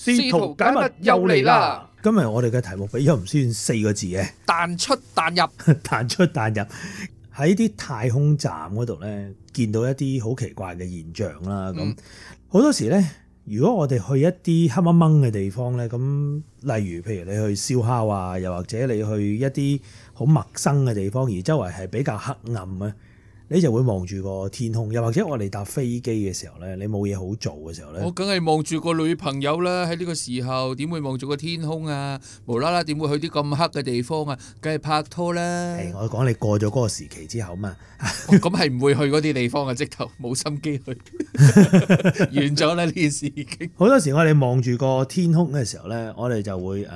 試圖解密又嚟啦！今日我哋嘅題目畀咗唔算四個字嘅，彈出彈入，彈 出彈入喺啲太空站嗰度咧，見到一啲好奇怪嘅現象啦。咁好、嗯、多時咧，如果我哋去一啲黑掹掹嘅地方咧，咁例如譬如你去燒烤啊，又或者你去一啲好陌生嘅地方，而周圍係比較黑暗啊。你就會望住個天空，又或者我哋搭飛機嘅時候咧，你冇嘢好做嘅時候咧，我梗係望住個女朋友啦。喺呢個時候點會望住個天空啊？無啦啦點會去啲咁黑嘅地方啊？梗係拍拖啦、欸。我講你過咗嗰個時期之後嘛，咁係唔會去嗰啲地方啊，直頭冇心機去 完咗呢件事好多時，我時，我哋望住個天空嘅時候咧，我哋就會誒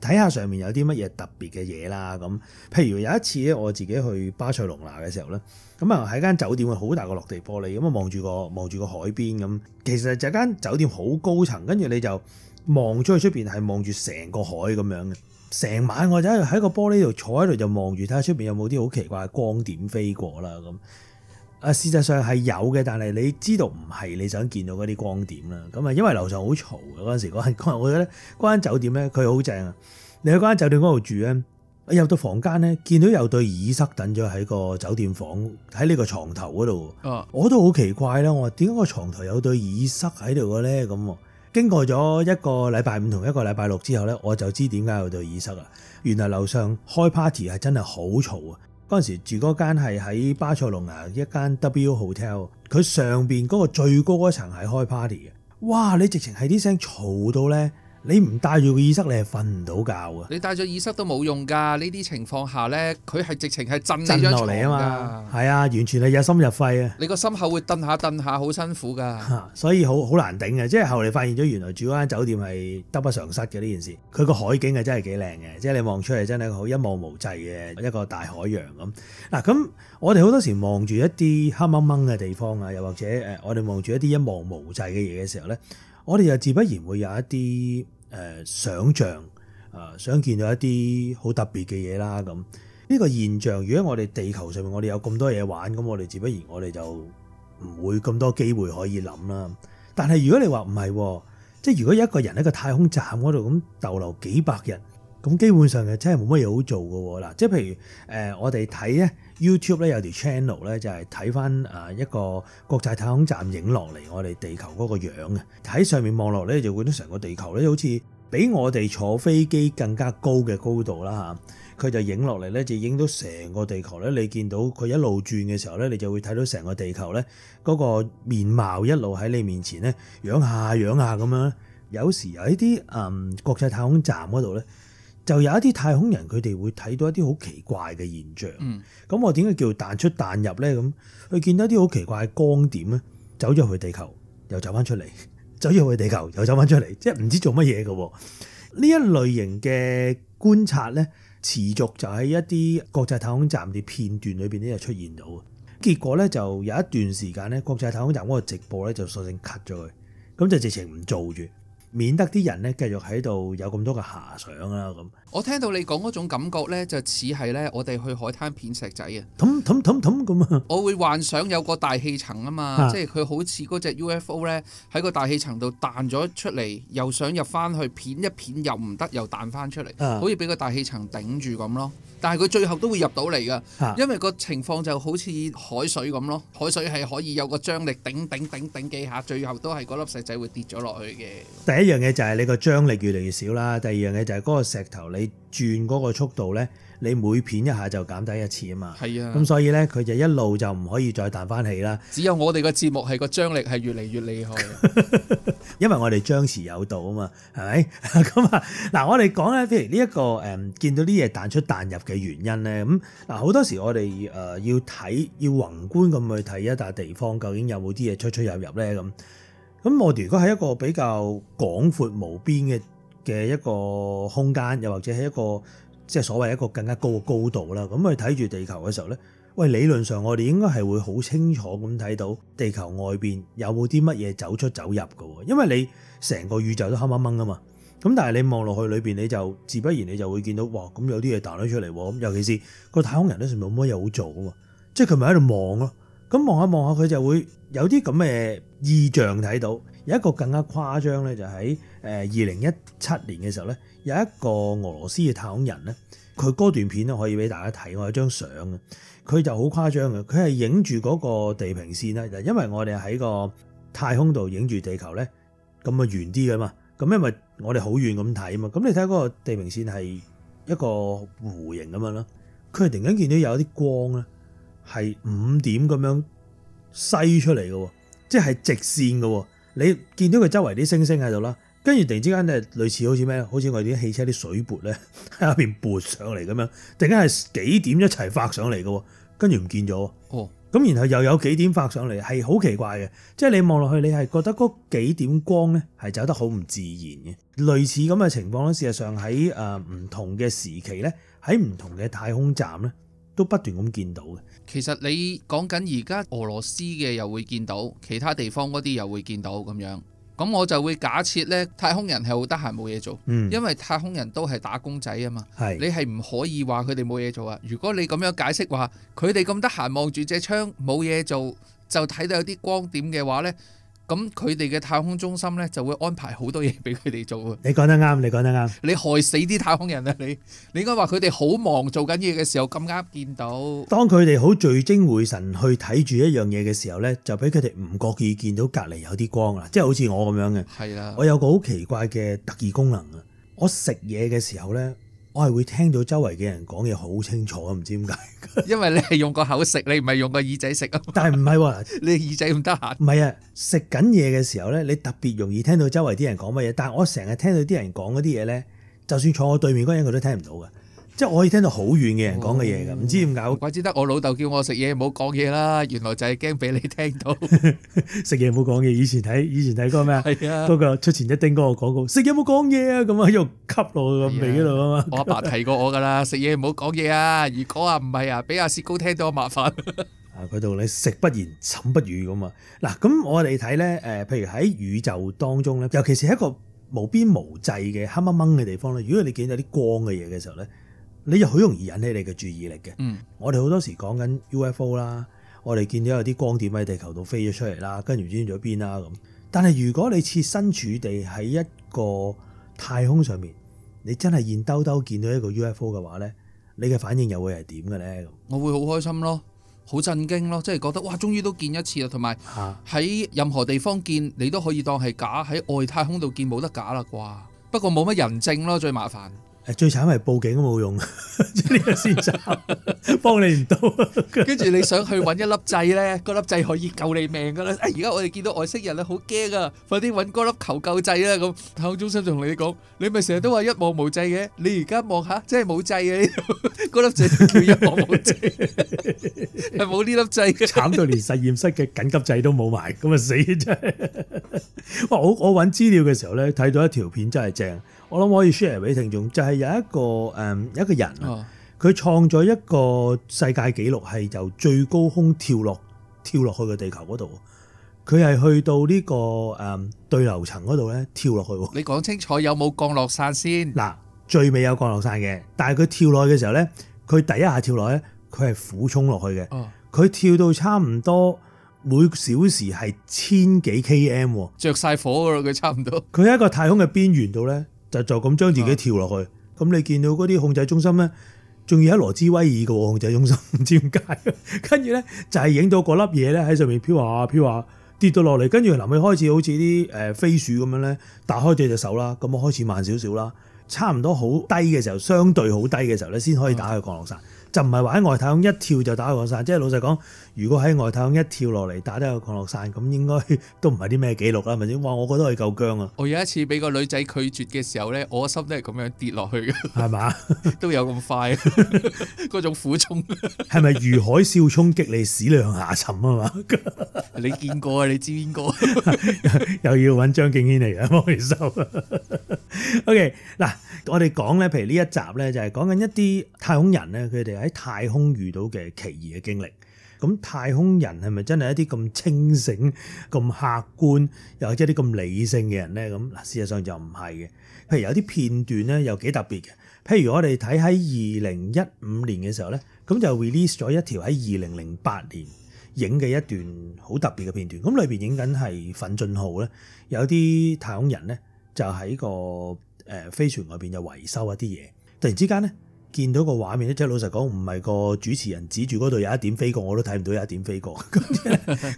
睇下上面有啲乜嘢特別嘅嘢啦。咁、啊，譬如有一次咧，我自己去巴塞隆拿嘅時候咧。咁啊，喺間酒店會好大個落地玻璃咁，啊，望住個望住個海邊咁，其實就間酒店好高層，跟住你就望出去出邊係望住成個海咁樣嘅。成晚我就喺喺個玻璃度坐喺度，就望住睇下出邊有冇啲好奇怪嘅光點飛過啦咁。啊，事實上係有嘅，但係你知道唔係你想見到嗰啲光點啦。咁啊，因為樓上好嘈嘅嗰陣時嗰間，我覺得嗰間酒店咧佢好正啊。你去嗰間酒店嗰度住咧。入到房間咧，見到有對耳塞等咗喺個酒店房喺呢個床頭嗰度。啊！我都好奇怪啦，我話點解個床頭有對耳塞喺度嘅咧？咁經過咗一個禮拜五同一個禮拜六之後咧，我就知點解有對耳塞啦。原來樓上開 party 係真係好嘈啊！嗰陣時住嗰間係喺巴塞隆拿一間 W Hotel，佢上邊嗰個最高嗰層係開 party 嘅。哇！你直情係啲聲嘈到咧～你唔戴住個耳塞，你係瞓唔到覺啊。你戴咗耳塞都冇用噶，呢啲情況下咧，佢係直情係震落嚟㗎嘛。係啊，完全係入心入肺啊。你個心口會震下震下，好辛苦噶、啊。所以好好難頂嘅，即係後嚟發現咗，原來住嗰間酒店係得不償失嘅呢件事。佢個海景係真係幾靚嘅，即係你望出嚟真係好一望無際嘅一個大海洋咁。嗱、啊、咁，我哋好多時望住一啲黑掹掹嘅地方啊，又或者誒，我哋望住一啲一望無際嘅嘢嘅時候咧，我哋又自不然會有一啲。誒，想象啊，想見到一啲好特別嘅嘢啦，咁呢個現象，如果我哋地球上面我哋有咁多嘢玩，咁我哋自不然我哋就唔會咁多機會可以諗啦。但係如果你話唔係，即係如果有一個人喺個太空站嗰度咁逗留幾百日，咁基本上係真係冇乜嘢好做噶。嗱，即係譬如誒、呃，我哋睇咧。YouTube 咧有條 channel 咧，就係睇翻啊一個國際太空站影落嚟我哋地球嗰個樣啊，喺上面望落咧，就會到成個地球咧好似比我哋坐飛機更加高嘅高度啦，嚇，佢就影落嚟咧，就影到成個地球咧，你見到佢一路轉嘅時候咧，你就會睇到成個地球咧嗰個面貌一路喺你面前咧，仰下仰下咁樣。有時喺啲嗯國際太空站嗰度咧。就有一啲太空人，佢哋會睇到一啲好奇怪嘅現象。咁、嗯、我點解叫彈出彈入咧？咁佢見到一啲好奇怪嘅光點咧，走咗去地球，又走翻出嚟；走咗去地球，又走翻出嚟，即係唔知做乜嘢嘅喎。呢一類型嘅觀察咧，持續就喺一啲國際太空站嘅片段裏邊咧就出現到。結果咧就有一段時間咧，國際太空站嗰個直播咧就索性 cut 咗佢，咁就直情唔做住。免得啲人咧繼續喺度有咁多嘅遐想啦，咁。我聽到你講嗰種感覺咧，就似係咧，我哋去海灘片石仔啊！咁啊！我會幻想有個大氣層啊嘛，即係佢好似嗰隻 UFO 咧喺個大氣層度彈咗出嚟，又想入翻去片一片又唔得，又彈翻出嚟，好似俾個大氣層頂住咁咯。但係佢最後都會入到嚟噶，因為個情況就好似海水咁咯。海水係可以有個張力頂頂頂頂幾下，最後都係嗰粒石仔會跌咗落去嘅。第一樣嘢就係你個張力越嚟越少啦，第二樣嘢就係嗰個石頭你。轉嗰個速度咧，你每片一下就減低一次啊嘛，係啊的，咁所以咧，佢就一路就唔可以再彈翻起啦。只有我哋個節目係個張力係越嚟越厲害，因為我哋張弛有度啊嘛，係咪？咁啊，嗱，我哋講咧，譬如呢、這、一個誒，見到啲嘢彈出彈入嘅原因咧，咁嗱，好多時我哋誒要睇要宏觀咁去睇一笪地方，究竟有冇啲嘢出出入入咧？咁，咁我哋如果係一個比較廣闊無邊嘅。嘅一個空間，又或者係一個即係所謂一個更加高嘅高度啦。咁佢睇住地球嘅時候咧，喂，理論上我哋應該係會好清楚咁睇到地球外邊有冇啲乜嘢走出走入嘅。因為你成個宇宙都黑掹掹啊嘛。咁但係你望落去裏邊，你就自不然你就會見到哇咁有啲嘢彈咗出嚟。咁尤其是個太空人咧，全部冇乜嘢好做嘅嘛。即係佢咪喺度望咯。咁望下望下，佢就會有啲咁嘅異象睇到。有一個更加誇張咧，就喺誒二零一七年嘅時候咧，有一個俄羅斯嘅太空人咧，佢嗰段片咧可以俾大家睇。我有張相嘅，佢就好誇張嘅。佢係影住嗰個地平線咧，就因為我哋喺個太空度影住地球咧咁啊圓啲嘅嘛。咁因為我哋好遠咁睇啊嘛。咁你睇嗰個地平線係一個弧形咁樣咯。佢係突然間見到有啲光咧，係五點咁樣篩出嚟嘅，即係直線嘅。你見到佢周圍啲星星喺度啦，跟住突然之間咧，類似好似咩？好似我哋啲汽車啲水撥咧喺下邊撥上嚟咁樣，突然間係幾點一齊發上嚟嘅，跟住唔見咗哦。咁然後又有幾點發上嚟，係好奇怪嘅，即係你望落去，你係覺得嗰幾點光咧係走得好唔自然嘅，類似咁嘅情況咧。事實上喺誒唔同嘅時期咧，喺唔同嘅太空站咧。都不斷咁見到嘅。其實你講緊而家俄羅斯嘅又會見到，其他地方嗰啲又會見到咁樣。咁我就會假設呢太空人係好得閒冇嘢做，嗯、因為太空人都係打工仔啊嘛。是你係唔可以話佢哋冇嘢做啊？如果你咁樣解釋話，佢哋咁得閒望住隻窗冇嘢做，就睇到有啲光點嘅話呢。咁佢哋嘅太空中心咧，就會安排好多嘢俾佢哋做。你講得啱，你講得啱。你害死啲太空人啊！你你應該話佢哋好忙做緊嘢嘅時候，咁啱見到。當佢哋好聚精會神去睇住一,一樣嘢嘅時候咧，就俾佢哋唔覺意見到隔離有啲光啦，即係好似我咁樣嘅。係啦，我有個好奇怪嘅特異功能啊！我食嘢嘅時候咧。我係會聽到周圍嘅人講嘢好清楚啊！唔知點解， 因為你係用個口食，你唔係用個耳仔食啊。但係唔係喎，你耳仔唔得閒。唔係啊，食緊嘢嘅時候咧，你特別容易聽到周圍啲人講乜嘢。但係我成日聽到啲人講嗰啲嘢咧，就算坐我對面嗰人佢都聽唔到嘅。即係我可以聽到好遠嘅人講嘅嘢㗎，唔知點解？怪之得我老豆叫我食嘢唔好講嘢啦，原來就係驚俾你聽到。食嘢唔好講嘢，以前睇以前睇過咩啊？係啊，嗰個出前一丁哥嘅廣告，食嘢唔好講嘢啊！咁啊喺度吸落個味嗰度啊嘛。我阿爸提過我㗎啦，食嘢唔好講嘢啊！如果啊唔係啊，俾阿薛高聽到我麻煩。啊！佢同你食不言，寢不語咁啊。嗱咁我哋睇咧誒，譬如喺宇宙當中咧，尤其是喺一個無邊無際嘅黑掹掹嘅地方咧，如果你見到啲光嘅嘢嘅時候咧。你就好容易引起你嘅注意力嘅。嗯，我哋好多時講緊 UFO 啦，我哋見到有啲光點喺地球度飛咗出嚟啦，跟住轉咗邊啦咁。但係如果你設身處地喺一個太空上面，你真係現兜兜見到一個 UFO 嘅話呢，你嘅反應又會係點嘅呢？我會好開心咯，好震驚咯，即係覺得哇，終於都見一次啊！同埋喺任何地方見你都可以當係假，喺外太空度見冇得假啦啩。不過冇乜人證咯，最麻煩。最慘係報警都冇用，呢 個先慘，幫你唔到。跟住你想去揾一粒掣，咧，嗰粒掣可以救你命噶啦。而、哎、家我哋見到外星人咧，好驚啊！快啲揾嗰粒求救掣啦！咁太空中心仲同你講，你咪成日都話一望無際嘅，你而家望下，真係冇掣嘅，嗰粒掣叫一望無際，係冇呢粒掣，嘅。慘到連實驗室嘅緊急掣都冇埋，咁啊死！哇！ 我我揾資料嘅時候咧，睇到一條片真係正。我諗可以 share 俾聽眾，就係、是、有一個誒、嗯，一個人，佢創咗一個世界紀錄，係由最高空跳落跳落去個地球嗰度。佢係去到呢、這個誒、嗯、對流層嗰度咧，跳落去。你講清楚有冇降落傘先？嗱，最尾有降落傘嘅，但係佢跳落去嘅時候咧，佢第一跳下跳落咧，佢係俯衝落去嘅。佢、哦、跳到差唔多每小時係千幾 km，着晒火咯，佢差唔多。佢喺一個太空嘅邊緣度咧。就咁將自己跳落去，咁的你見到嗰啲控制中心咧，仲要喺羅斯威爾嘅控制中心，唔知點解。跟住咧就係影到嗰粒嘢咧喺上面飄下飄下，跌到落嚟。跟住臨尾開始好似啲誒飛鼠咁樣咧，打開咗隻手啦，咁我開始慢少少啦，差唔多好低嘅時候，相對好低嘅時候咧，先可以打開降落傘。的就唔係話喺外太空一跳就打開降落傘，即係老實講。如果喺外太空一跳落嚟打得個降落傘，咁應該都唔係啲咩記錄啦，係咪先？哇！我覺得佢夠僵啊！我有一次俾個女仔拒絕嘅時候咧，我心都係咁樣跌落去嘅，係嘛吧？都有咁快嗰 種苦衷係咪如海嘯衝擊你屎量下沉啊嘛？ 你見過啊？你知邊個？ 又要搵張敬軒嚟啊！幫你 OK，嗱，我哋講咧，譬如呢一集咧，就係、是、講緊一啲太空人咧，佢哋喺太空遇到嘅奇異嘅經歷。咁太空人係咪真係一啲咁清醒、咁客觀，又或者啲咁理性嘅人呢？咁嗱，事實上就唔係嘅。譬如有啲片段咧，又幾特別嘅。譬如我哋睇喺二零一五年嘅時候咧，咁就 release 咗一條喺二零零八年影嘅一段好特別嘅片段。咁裏邊影緊係奮進號咧，有啲太空人咧就喺個誒飛船外邊就維修一啲嘢。突然之間咧～見到個畫面咧，即係老實講，唔係個主持人指住嗰度有一點飛過，我都睇唔到有一點飛過。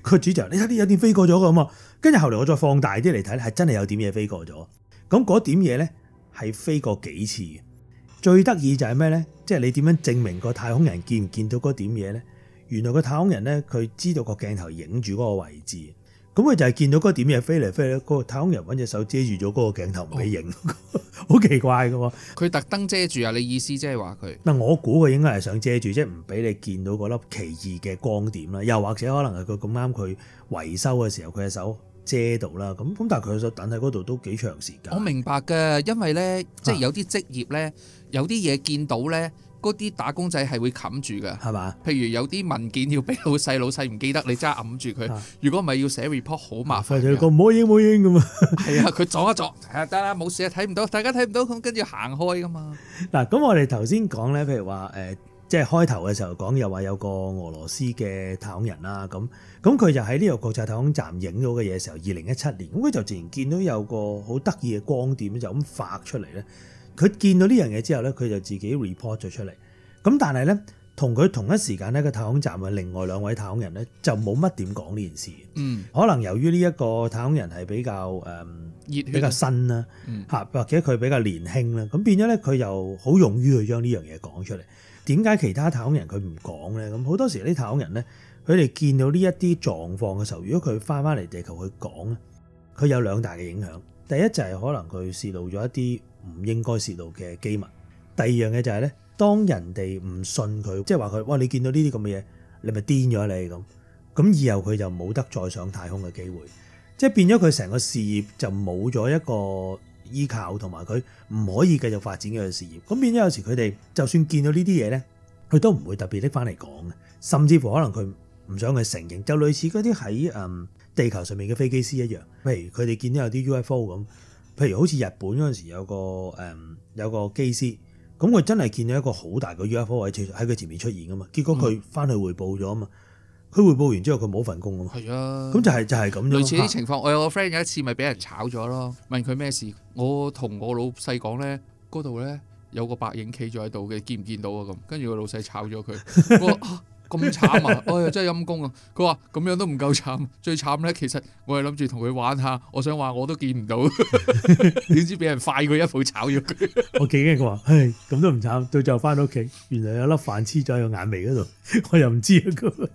個 主持人你睇下啲有點飛過咗嘅嘛，跟住後嚟我再放大啲嚟睇咧，係真係有點嘢飛過咗。咁嗰點嘢咧係飛過幾次。最得意就係咩咧？即係你點樣證明個太空人見唔見到嗰點嘢咧？原來個太空人咧，佢知道個鏡頭影住嗰個位置。咁佢就係見到嗰點嘢飛嚟飛去，嗰個太空人搵隻手遮住咗嗰個鏡頭唔俾影，好、哦、 奇怪㗎喎。佢特登遮住啊！你意思即係話佢？嗱，我估佢應該係想遮住，即係唔俾你見到嗰粒奇異嘅光點啦。又或者可能係佢咁啱佢維修嘅時候，佢隻手遮到啦。咁咁，但係佢隻手等喺嗰度都幾長時間。我明白㗎，因為咧，即係有啲職業咧，啊、有啲嘢見到咧。嗰啲打工仔係會冚住噶，係嘛吧？譬如有啲文件要俾老細，老細唔記得，你真係冚住佢。啊、如果唔係要寫 report，好麻煩。佢唔好影，唔好影咁啊！係 啊，佢撞一撞，係得啦，冇、啊、事啊，睇唔到，大家睇唔到，咁跟住行開噶嘛。嗱、啊，咁我哋頭先講咧，譬如話誒、呃，即係開頭嘅時候講又話有，說有個俄羅斯嘅太空人啦，咁咁佢就喺呢個國際太空站影到嘅嘢嘅時候，二零一七年，咁佢就自然見到有個好得意嘅光點，就咁發出嚟咧。佢見到呢樣嘢之後咧，佢就自己 report 咗出嚟。咁但係咧，同佢同一時間咧，個太空站嘅另外兩位太空人咧就冇乜點講呢件事。嗯，可能由於呢一個太空人係比較誒、嗯、熱血、比較新啦，嚇、嗯、或者佢比較年輕啦，咁變咗咧佢又好勇於去將呢樣嘢講出嚟。點解其他太空人佢唔講咧？咁好多時啲太空人咧，佢哋見到呢一啲狀況嘅時候，如果佢翻翻嚟地球去講咧，佢有兩大嘅影響。第一就係可能佢泄露咗一啲。唔應該洩露嘅機密。第二樣嘢就係咧，當人哋唔信佢，即係話佢，哇！你見到呢啲咁嘅嘢，你咪癲咗你咁。咁以後佢就冇得再上太空嘅機會，即係變咗佢成個事業就冇咗一個依靠，同埋佢唔可以繼續發展佢嘅事業。咁變咗有時佢哋就算見到呢啲嘢咧，佢都唔會特別拎翻嚟講嘅，甚至乎可能佢唔想佢承認，就類似嗰啲喺嗯地球上面嘅飛機師一樣，譬如佢哋見到有啲 UFO 咁。譬如好似日本嗰陣時有個誒有個機師，咁佢真係見到一個好大嘅 UFO 喺喺佢前面出現㗎嘛，結果佢返去匯報咗啊嘛，佢匯報完之後佢冇份工啊嘛，係啊，咁就係就係咁樣。類似啲情況，我有個 friend 有一次咪俾人炒咗咯，問佢咩事，我同我老細講咧，嗰度咧有個白影企咗喺度嘅，見唔見到啊咁？跟住個老細炒咗佢。 咁慘啊！我又 真係陰公啊！佢話咁樣都唔夠慘，最慘咧，其實我係諗住同佢玩下，我想話我都見唔到，點 知俾人快佢一步炒咗佢。 我幾驚，佢話唉，咁都唔慘，到最後翻到屋企，原來有粒飯黐咗喺個眼眉嗰度，我又唔知、那個，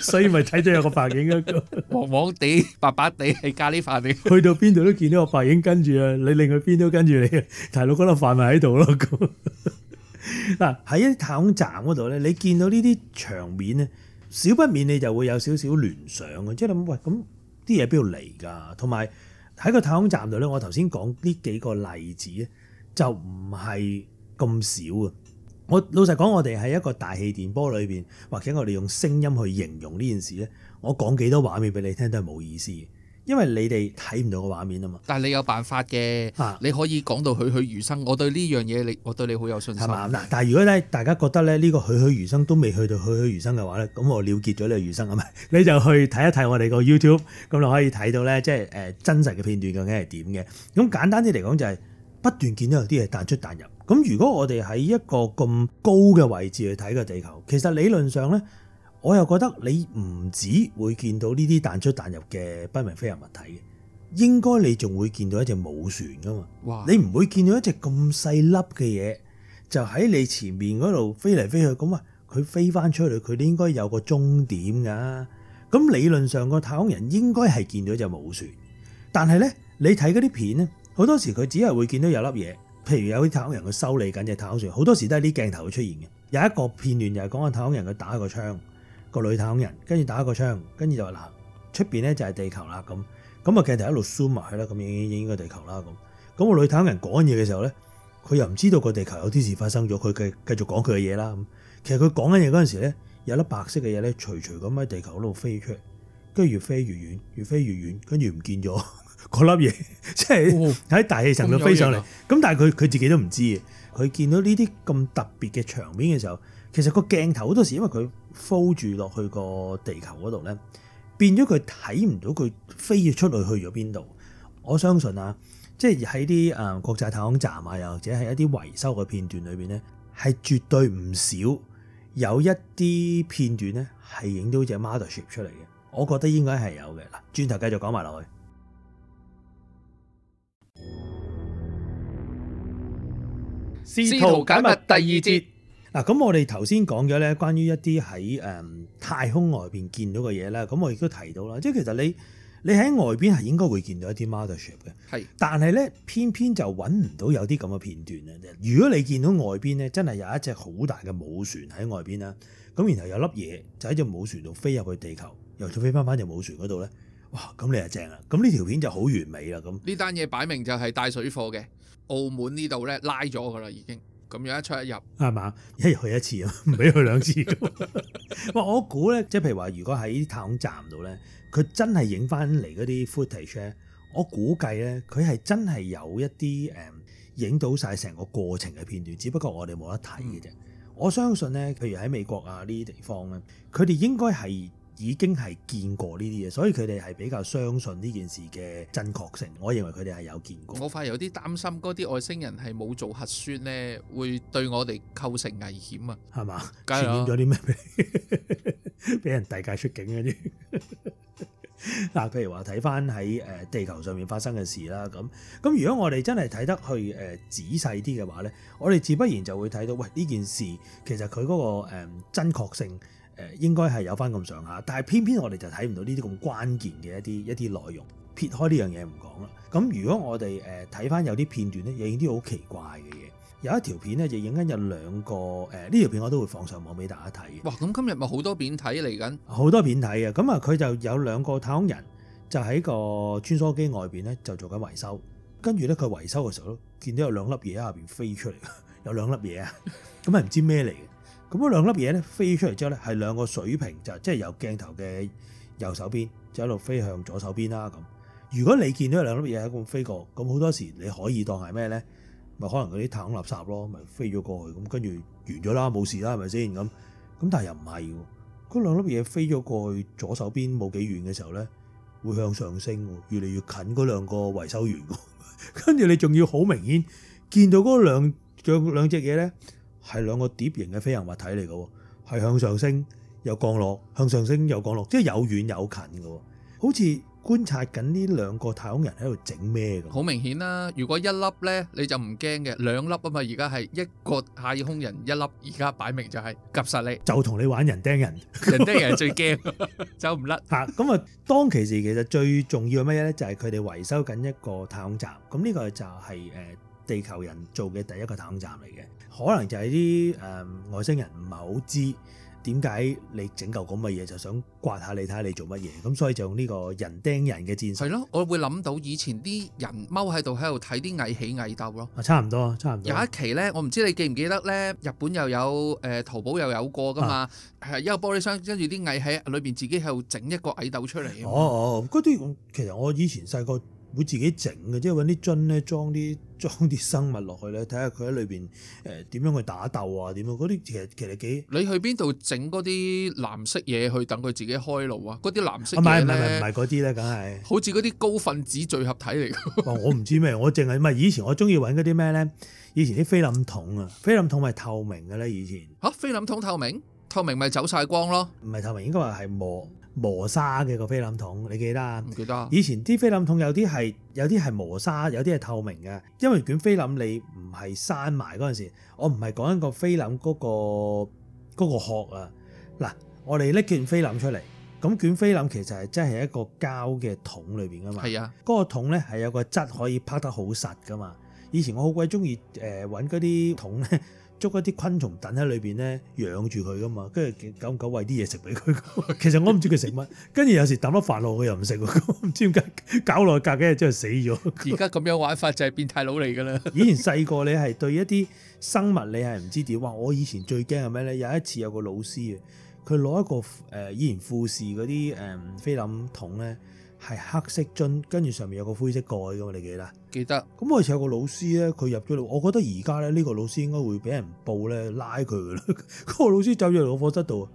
所以咪睇到有個白影咯、那個， 黃黃地、白白地係咖喱飯嚟。 去到邊度都見到個白影跟住啊！你令佢邊度都跟住你，大佬，嗰粒飯咪喺度咯。嗱，喺一啲太空站嗰度咧，你見到呢啲場面咧，少不免你就會有少少聯想嘅，即係諗，喂，咁啲嘢邊度嚟㗎？同埋喺個太空站度咧，我頭先講呢幾個例子咧，就唔係咁少啊！我老實講，我哋喺一個大氣電波裏邊，或者我哋用聲音去形容呢件事咧，我講幾多畫面俾你聽都係冇意思。因為你哋睇唔到個畫面啊嘛，但係你有辦法嘅，啊、你可以講到栩栩如生。我對呢樣嘢，你我對你好有信心。係嘛？嗱，但係如果你大家覺得咧，呢個栩栩如生都未去到栩栩如生嘅話咧，咁我了結咗呢個餘生啊嘛，你就去睇一睇我哋個 YouTube，咁就可以睇到咧，即係誒真實嘅片段究竟係點嘅。咁簡單啲嚟講就係、是、不斷見到有啲嘢彈出彈入。咁如果我哋喺一個咁高嘅位置去睇個地球，其實理論上咧。我又覺得你唔止會見到呢啲彈出彈入嘅不明飛行物體嘅，應該你仲會見到一隻母船噶嘛？哇！Wow. 你唔會見到一隻咁細粒嘅嘢就喺你前面嗰度飛嚟飛去咁啊！佢飛翻出去，佢應該有個終點噶。咁理論上個太空人應該係見到一隻母船，但係呢，你睇嗰啲片咧，好多時佢只係會見到有粒嘢，譬如有啲太空人佢修理緊隻太空船，好多時都係啲鏡頭會出現嘅。有一個片段就係講緊太空人佢打開個窗。個女太空人跟住打個槍，跟住就話嗱，出邊咧就係地球啦，咁咁啊，鏡頭一路 zoom 埋去啦，咁影影個地球啦，咁咁，個女太空人講嘢嘅時候咧，佢又唔知道個地球有啲事發生咗，佢繼繼續講佢嘅嘢啦，咁其實佢講緊嘢嗰陣時咧，有粒白色嘅嘢咧，隨隨咁喺地球度飛出嚟，跟住越飛越遠，越飛越遠，跟住唔見咗嗰粒嘢，即係喺大氣層度飛上嚟，咁、哦啊、但係佢佢自己都唔知佢見到呢啲咁特別嘅場面嘅時候，其實個鏡頭好多時因為佢 Fold 住落去個地球嗰度咧，變咗佢睇唔到佢飛咗出去去咗邊度。我相信啊，即係喺啲誒國際太空站啊，又或者係一啲維修嘅片段裏邊咧，係絕對唔少有一啲片段咧係影到隻 mothership 出嚟嘅。我覺得應該係有嘅。嗱，轉頭繼續講埋落去，試圖解密第二節。嗱，咁、啊、我哋頭先講咗咧，關於一啲喺誒太空外邊見到嘅嘢啦，咁我亦都提到啦，即係其實你你喺外邊係應該會見到一啲 mother ship 嘅，係是，但係咧偏偏就揾唔到有啲咁嘅片段咧。如果你見到外邊咧，真係有一隻好大嘅母船喺外邊啦，咁然後有粒嘢就喺隻母船度飛入去地球，又再飛翻翻隻母船嗰度咧，哇！咁你又正啊，咁呢條片就好完美啦，咁呢單嘢擺明就係帶水貨嘅，澳門呢度咧拉咗噶啦，已經了了。咁樣一出一入，係嘛？一日去一次咯，唔俾去兩次。哇！我估咧，即係譬如話，如果喺太空站度咧，佢真係影翻嚟嗰啲 footage 咧，我估計咧，佢係真係有一啲誒影到晒成個過程嘅片段，只不過我哋冇得睇嘅啫。嗯、我相信咧，譬如喺美國啊呢啲地方咧，佢哋應該係。已經係見過呢啲嘢，所以佢哋係比較相信呢件事嘅真確性。我認為佢哋係有見過。我反而有啲擔心，嗰啲外星人係冇做核酸咧，會對我哋構成危險啊？係嘛吧？感染咗啲咩病，俾 人遞解出境嗰啲。嗱，譬如話睇翻喺誒地球上面發生嘅事啦，咁咁如果我哋真係睇得去誒仔細啲嘅話咧，我哋自不然就會睇到，喂呢件事其實佢嗰個真確性。誒應該係有翻咁上下，但係偏偏我哋就睇唔到呢啲咁關鍵嘅一啲一啲內容，撇開呢樣嘢唔講啦。咁如果我哋誒睇翻有啲片段咧，影啲好奇怪嘅嘢。有一條片咧就影緊有兩個誒，呢、呃、條片我都會放上網俾大家睇。哇！咁今日咪好多片睇嚟緊，好多片睇啊！咁啊，佢就有兩個太空人就喺個穿梭機外邊咧，就做緊維修。跟住咧，佢維修嘅時候都見到有兩粒嘢喺下邊飛出嚟，有兩粒嘢啊！咁係唔知咩嚟？咁嗰兩粒嘢咧飛出嚟之後咧，係兩個水平，就是、即係由鏡頭嘅右手邊就一、是、路飛向左手邊啦。咁如果你見到有兩粒嘢喺咁飛過，咁好多時你可以當係咩咧？咪可能嗰啲太空垃圾咯，咪飛咗過去，咁跟住完咗啦，冇事啦，係咪先？咁咁但係又唔係喎，嗰兩粒嘢飛咗過去左手邊冇幾遠嘅時候咧，會向上升，越嚟越近嗰兩個維修員。 跟住你仲要好明顯見到嗰兩兩隻嘢咧。係兩個碟形嘅飛行物體嚟嘅，係向上升又降落，向上升又降落，即係有遠有近嘅，好似觀察緊呢兩個太空人喺度整咩咁。好明顯啦，啊，如果一粒咧你就唔驚嘅，兩粒啊嘛，而家係一個太空人一粒，而家擺明就係 𥄫 實你，就同你玩人釘人， 人釘人最驚， 走唔甩。吓咁啊，嗯、當其時其實最重要係乜嘢咧，就係佢哋維修緊一個太空站，咁、嗯、呢個就係誒地球人做嘅第一個太空站嚟嘅。可能就係啲誒外星人唔係好知點解你整嚿咁嘅嘢，就想刮下你，睇下你做乜嘢，咁所以就用呢個人釘人嘅戰術。係咯，我會諗到以前啲人踎喺度喺度睇啲蟻起蟻竇咯。啊，差唔多，差唔多。有一期咧，我唔知你記唔記得咧，日本又有誒淘寶又有過噶嘛，係、啊、一個玻璃箱，跟住啲蟻喺裏邊自己喺度整一個蟻竇出嚟。哦。哦哦，嗰啲其實我以前細個。會自己整嘅，即係揾啲樽咧，裝啲裝啲生物落去咧，睇下佢喺裏邊誒點樣去打鬥啊？點樣啊？嗰啲其實其實幾，你去邊度整嗰啲藍色嘢去等佢自己開爐啊？嗰啲藍色嘢咧？唔係唔係唔係嗰啲咧，梗係好似嗰啲高分子聚合體嚟㗎 。我唔知咩，我淨係唔係以前我中意揾嗰啲咩咧？以前啲菲林桶啊，菲林桶咪透明嘅咧。以前嚇菲林桶透明，透明咪走晒光咯？唔係透明，應該話係磨。磨砂嘅個菲林桶，你記得啊？唔記得啊？以前啲菲林桶有啲係有啲係磨砂，有啲係透明嘅。因為卷菲林你唔係閂埋嗰陣時，我唔係講緊個菲林嗰個嗰個殼啊。嗱，我哋拎件菲林出嚟，咁卷菲林其實係真係一個膠嘅桶裏邊㗎嘛。係啊的，嗰個桶咧係有個質可以拍得好實㗎嘛。以前我好鬼中意誒揾嗰啲桶咧。 捉一啲昆蟲等喺裏邊咧，養住佢噶嘛，跟住久唔久餵啲嘢食俾佢。其實我唔知佢食乜，跟住 有時抌粒飯落佢又唔食喎。唔知點解搞內格嘅，之後死咗。而家咁樣玩法就係變態佬嚟噶啦。 以前細個你係對一啲生物你係唔知點。哇！我以前最驚係咩咧？有一次有一個老師啊，佢攞一個誒以前富士嗰啲誒菲林桶咧。係黑色樽，跟住上面有個灰色蓋咁，你記得？記得。咁、嗯、我以前有個老師咧，佢入咗嚟，我覺得而家咧呢個老師應該會俾人報咧拉佢噶啦。 個老師走入嚟我課室度，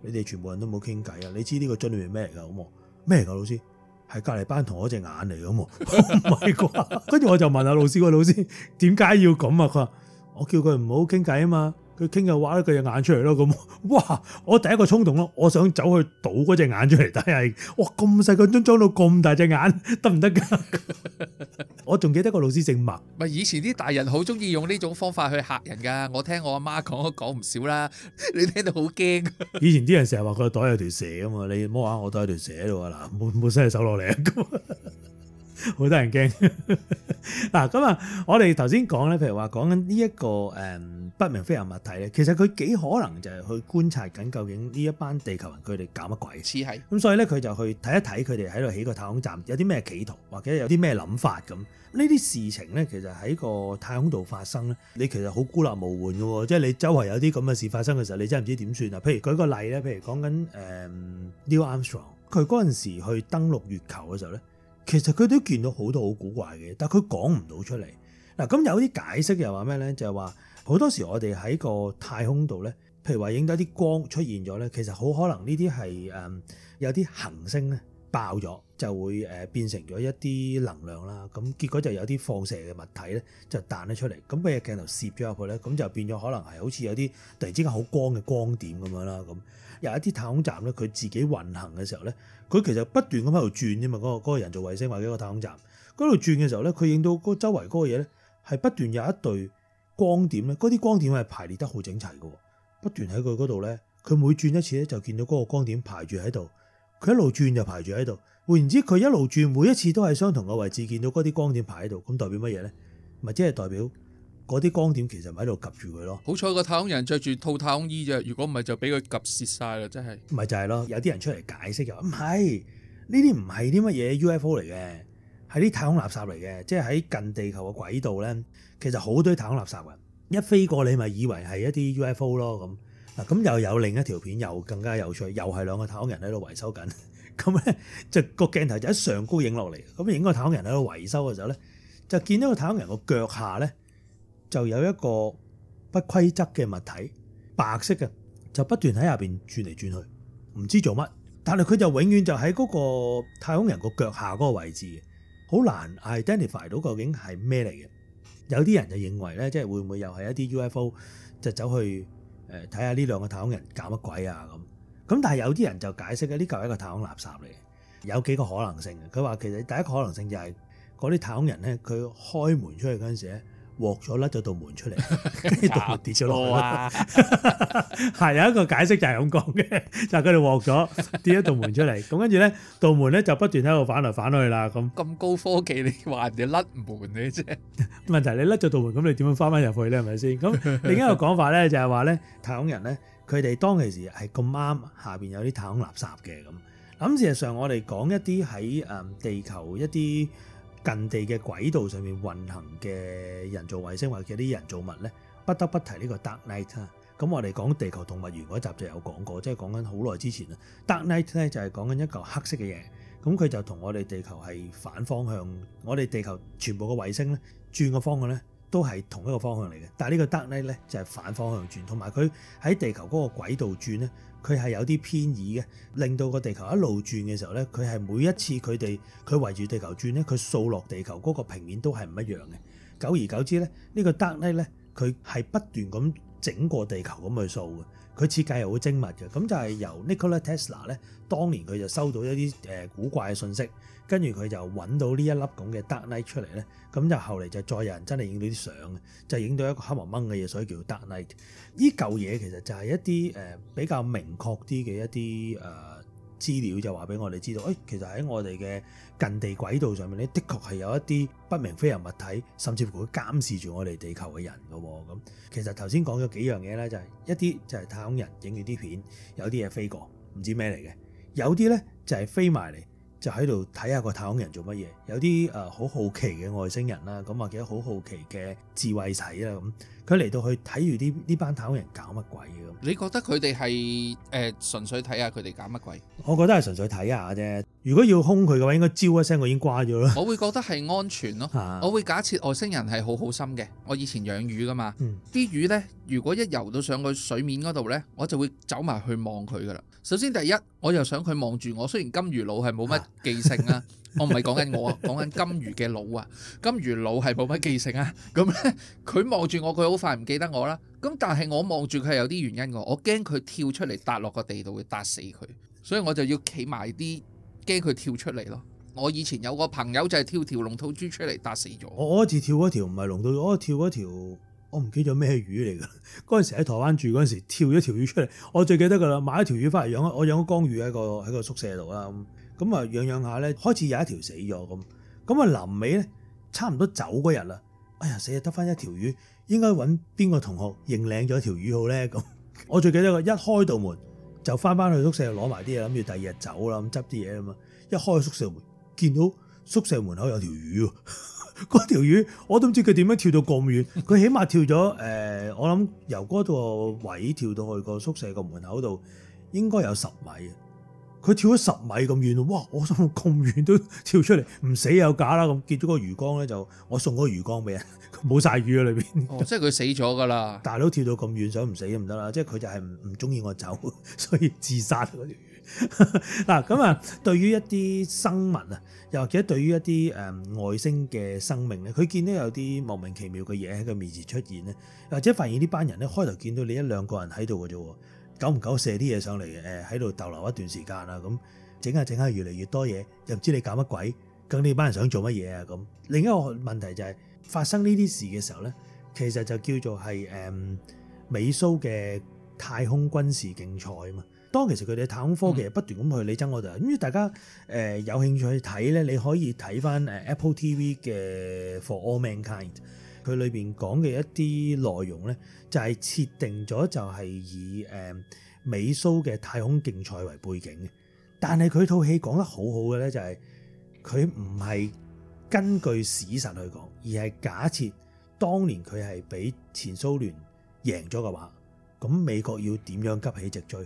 你哋全部人都冇傾偈啊！你知呢個樽裏面咩嚟噶？好冇？咩嚟噶？老師係隔籬班同我隻眼嚟噶？好冇？唔係啩？跟住我就問下老，老師，個，老師點解要咁啊？佢話我叫佢唔好傾偈啊嘛。佢傾嘅話咧，佢隻眼出嚟咯，咁哇！我第一個衝動咯，我想走去倒嗰隻眼出嚟，但係哇咁細個樽裝到咁大隻眼，得唔得噶？ 我仲記得個老師正埋。咪以前啲大人好中意用呢種方法去嚇人噶，我聽我阿媽講都講唔少啦。你聽到好驚。 以前啲人成日話個袋有條蛇啊嘛，你摸下我袋有條蛇喎嗱，冇冇伸手落嚟啊？ 好得人驚嗱，咁啊，我哋頭先講咧，譬如話講緊呢一個誒不明飛行物體咧，其實佢幾可能就係去觀察緊究竟呢一班地球人佢哋搞乜鬼？似係咁，所以咧佢就去睇一睇佢哋喺度起個太空站有啲咩企圖，或者有啲咩諗法咁。呢啲事情咧，其實喺個太空度發生咧，你其實好孤立無援嘅喎，即係你周圍有啲咁嘅事發生嘅時候，你真係唔知點算啊。譬如舉個例咧，譬如講緊誒 Neil Armstrong，佢嗰陣時去登陸月球嘅時候咧。其實佢都見到好多好古怪嘅，但係佢講唔到出嚟。嗱，咁有啲解釋又話咩咧？就係話好多時我哋喺個太空度咧，譬如話影到啲光出現咗咧，其實好可能呢啲係誒有啲行星咧爆咗就會誒變成咗一啲能量啦。咁結果就有啲放射嘅物體咧就彈咗出嚟，咁俾隻鏡頭攝咗入去咧，咁就變咗可能係好似有啲突然之間好光嘅光點咁樣啦。咁有一啲太空站咧，佢自己運行嘅時候咧。佢其實不斷咁喺度轉啫嘛，嗰、嗰個人造衛星或者一個太空站，嗰度轉嘅時候咧，佢影到嗰周圍嗰個嘢咧，係不斷有一對光點咧，嗰啲光點係排列得好整齊嘅，不斷喺佢嗰度咧，佢每轉一次咧就見到嗰個光點排住喺度，佢一路轉就排住喺度，換言之，佢一路轉每一次都係相同嘅位置見到嗰啲光點排喺度，咁代表乜嘢咧？咪即係代表？嗰啲光點其實咪喺度及住佢咯。好彩個太空人着住套太空衣啫，如果唔係就俾佢及蝕晒啦，真係。咪就係咯，有啲人出嚟解釋就話唔係，呢啲唔係啲乜嘢 UFO 嚟嘅，係啲太空垃圾嚟嘅。即係喺近地球嘅軌道咧，其實好多太空垃圾呀，一飛過你咪以為係一啲 UFO 咯咁。嗱咁又有另一條片又更加有趣，又係兩個太空人喺度維修緊。咁咧即係個鏡頭就喺上高影落嚟，咁影個太空人喺度維修嘅時候咧，就見到個太空人個腳下咧。就有一個不規則嘅物體，白色嘅，就不斷喺下邊轉嚟轉去，唔知做乜。但係佢就永遠就喺嗰個太空人個腳下嗰個位置嘅，好難 identify 到究竟係咩嚟嘅。有啲人就認為咧，即係會唔會又係一啲 UFO 就走去誒睇下呢兩個太空人搞乜鬼啊咁。咁但係有啲人就解釋咧，呢嚿係一個太空垃圾嚟嘅，有幾個可能性嘅。佢話其實第一個可能性就係嗰啲太空人咧，佢開門出去嗰陣時咧。鑊咗甩咗道門出嚟，跟住道門跌咗落去。係有一個解釋就係咁講嘅，就係佢哋鑊咗跌咗道門出嚟，咁跟住咧道門咧就不斷喺度反嚟反去啦。咁咁高科技你話人哋甩門你啫？問題你甩咗道門，咁你點樣翻翻入去咧？係咪先？咁另一個講法咧就係話咧，太空人咧佢哋當其時係咁啱下邊有啲太空垃圾嘅咁。咁事實上我哋講一啲喺誒地球一啲近地嘅軌道上面運行嘅人造衛星或者啲人造物咧，不得不提呢個 dark night 啊。咁我哋講地球動物園嗰集就有講過，即係講緊好耐之前啦。dark night 咧就係講緊一嚿黑色嘅嘢，咁佢就同我哋地球係反方向。我哋地球全部嘅衛星咧轉嘅方向咧都係同一個方向嚟嘅，但係呢個 dark night 咧就係反方向轉，同埋佢喺地球嗰個軌道轉咧。佢係有啲偏移嘅，令到個地球一路轉嘅時候咧，佢係每一次佢哋佢圍住地球轉咧，佢掃落地球嗰個平面都係唔一樣嘅。久而久之咧，呢、這個德勒咧，佢係不斷咁整個地球咁去掃嘅。佢設計又好精密嘅，咁就係由 Nikola Tesla 咧，當年佢就收到一啲誒古怪嘅信息，跟住佢就揾到呢一粒咁嘅 Dark Knight 出嚟咧，咁就後嚟就再有人真係影到啲相，就影到一個黑蒙蒙嘅嘢，所以叫 Dark Knight。呢嚿嘢其實就係一啲誒、呃、比較明確啲嘅一啲誒。呃資料就話俾我哋知道，誒，其實喺我哋嘅近地軌道上面咧，的確係有一啲不明飛行物體，甚至乎會監視住我哋地球嘅人嘅喎。咁其實頭先講咗幾樣嘢咧，就係一啲就係太空人影住啲片，有啲嘢飛過，唔知咩嚟嘅，有啲咧就係飛埋嚟。就喺度睇下個太空人做乜嘢，有啲誒好好奇嘅外星人啦，咁或者好好奇嘅智慧仔啦，咁佢嚟到去睇住啲呢班太空人搞乜鬼咁。你覺得佢哋係誒純粹睇下佢哋搞乜鬼？我覺得係純粹睇下啫。如果要空佢嘅話，應該招一聲，我已經掛咗啦。我會覺得係安全咯。 我會假設外星人係好好心嘅。我以前養魚噶嘛，啲、嗯、魚呢，如果一游到上去水面嗰度呢，我就會走埋去望佢噶啦。首先第一，我又想佢望住我。雖然金魚佬係冇乜記性啊，我唔係講緊我啊，講緊 金魚嘅腦啊。金魚佬係冇乜記性啊，咁咧佢望住我，佢好快唔記得我啦。咁但係我望住佢係有啲原因嘅，我驚佢跳出嚟揼落個地度會揼死佢，所以我就要企埋啲驚佢跳出嚟咯。我以前有個朋友就係跳條龍吐珠出嚟揼死咗。我我一次跳嗰條唔係龍吐珠，我跳嗰條。我唔記咗咩魚嚟㗎，嗰陣時喺台灣住嗰陣時跳咗條魚出嚟，我最記得㗎啦。買一條魚翻嚟養，我養咗缸魚喺個喺個宿舍度啦。咁啊養養下咧，開始有一條死咗咁。咁啊臨尾咧，差唔多走嗰日啦。哎呀，死日得翻一條魚，應該揾邊個同學認領咗條魚好咧？咁我最記得個一開道門就翻翻去宿舍攞埋啲嘢，諗住第二日走啦，咁執啲嘢啊嘛。一開宿舍門，見到宿舍門口有條魚啊！嗰條魚，我都唔知佢點樣跳到咁遠。佢起碼跳咗誒、呃，我諗由嗰個位跳到去個宿舍個門口度，應該有十米啊！佢跳咗十米咁遠，哇！我心諗咁遠都跳出嚟，唔死有假啦！咁結咗個魚缸咧，就我送個魚缸俾佢，冇晒魚啊裏邊。哦，即係佢死咗㗎啦！大佬跳到咁遠，想唔死都唔得啦。即係佢就係唔唔中意我走，所以自殺嗰條魚。嗱咁啊，對於一啲生物啊，又或者對於一啲誒外星嘅生命咧，佢見到有啲莫名其妙嘅嘢喺佢面前出現咧，或者發現呢班人咧，開頭見到你一兩個人喺度嘅啫，久唔久射啲嘢上嚟嘅，誒喺度逗留一段時間啊。咁整下整下越嚟越多嘢，又唔知你搞乜鬼，咁呢班人想做乜嘢啊？咁另一個問題就係、是、發生呢啲事嘅時候咧，其實就叫做係誒、嗯、美蘇嘅太空軍事競賽啊嘛。當其實佢哋嘅太空科技不斷咁去你爭我鬥，咁如、嗯、大家誒有興趣去睇咧，你可以睇翻誒 Apple TV 嘅《For All Mankind》。佢裏邊講嘅一啲內容咧，就係設定咗就係以誒美蘇嘅太空競賽為背景嘅。但係佢套戲講得好好嘅咧，就係佢唔係根據史實去講，而係假設當年佢係俾前蘇聯贏咗嘅話，咁美國要點樣急起直追？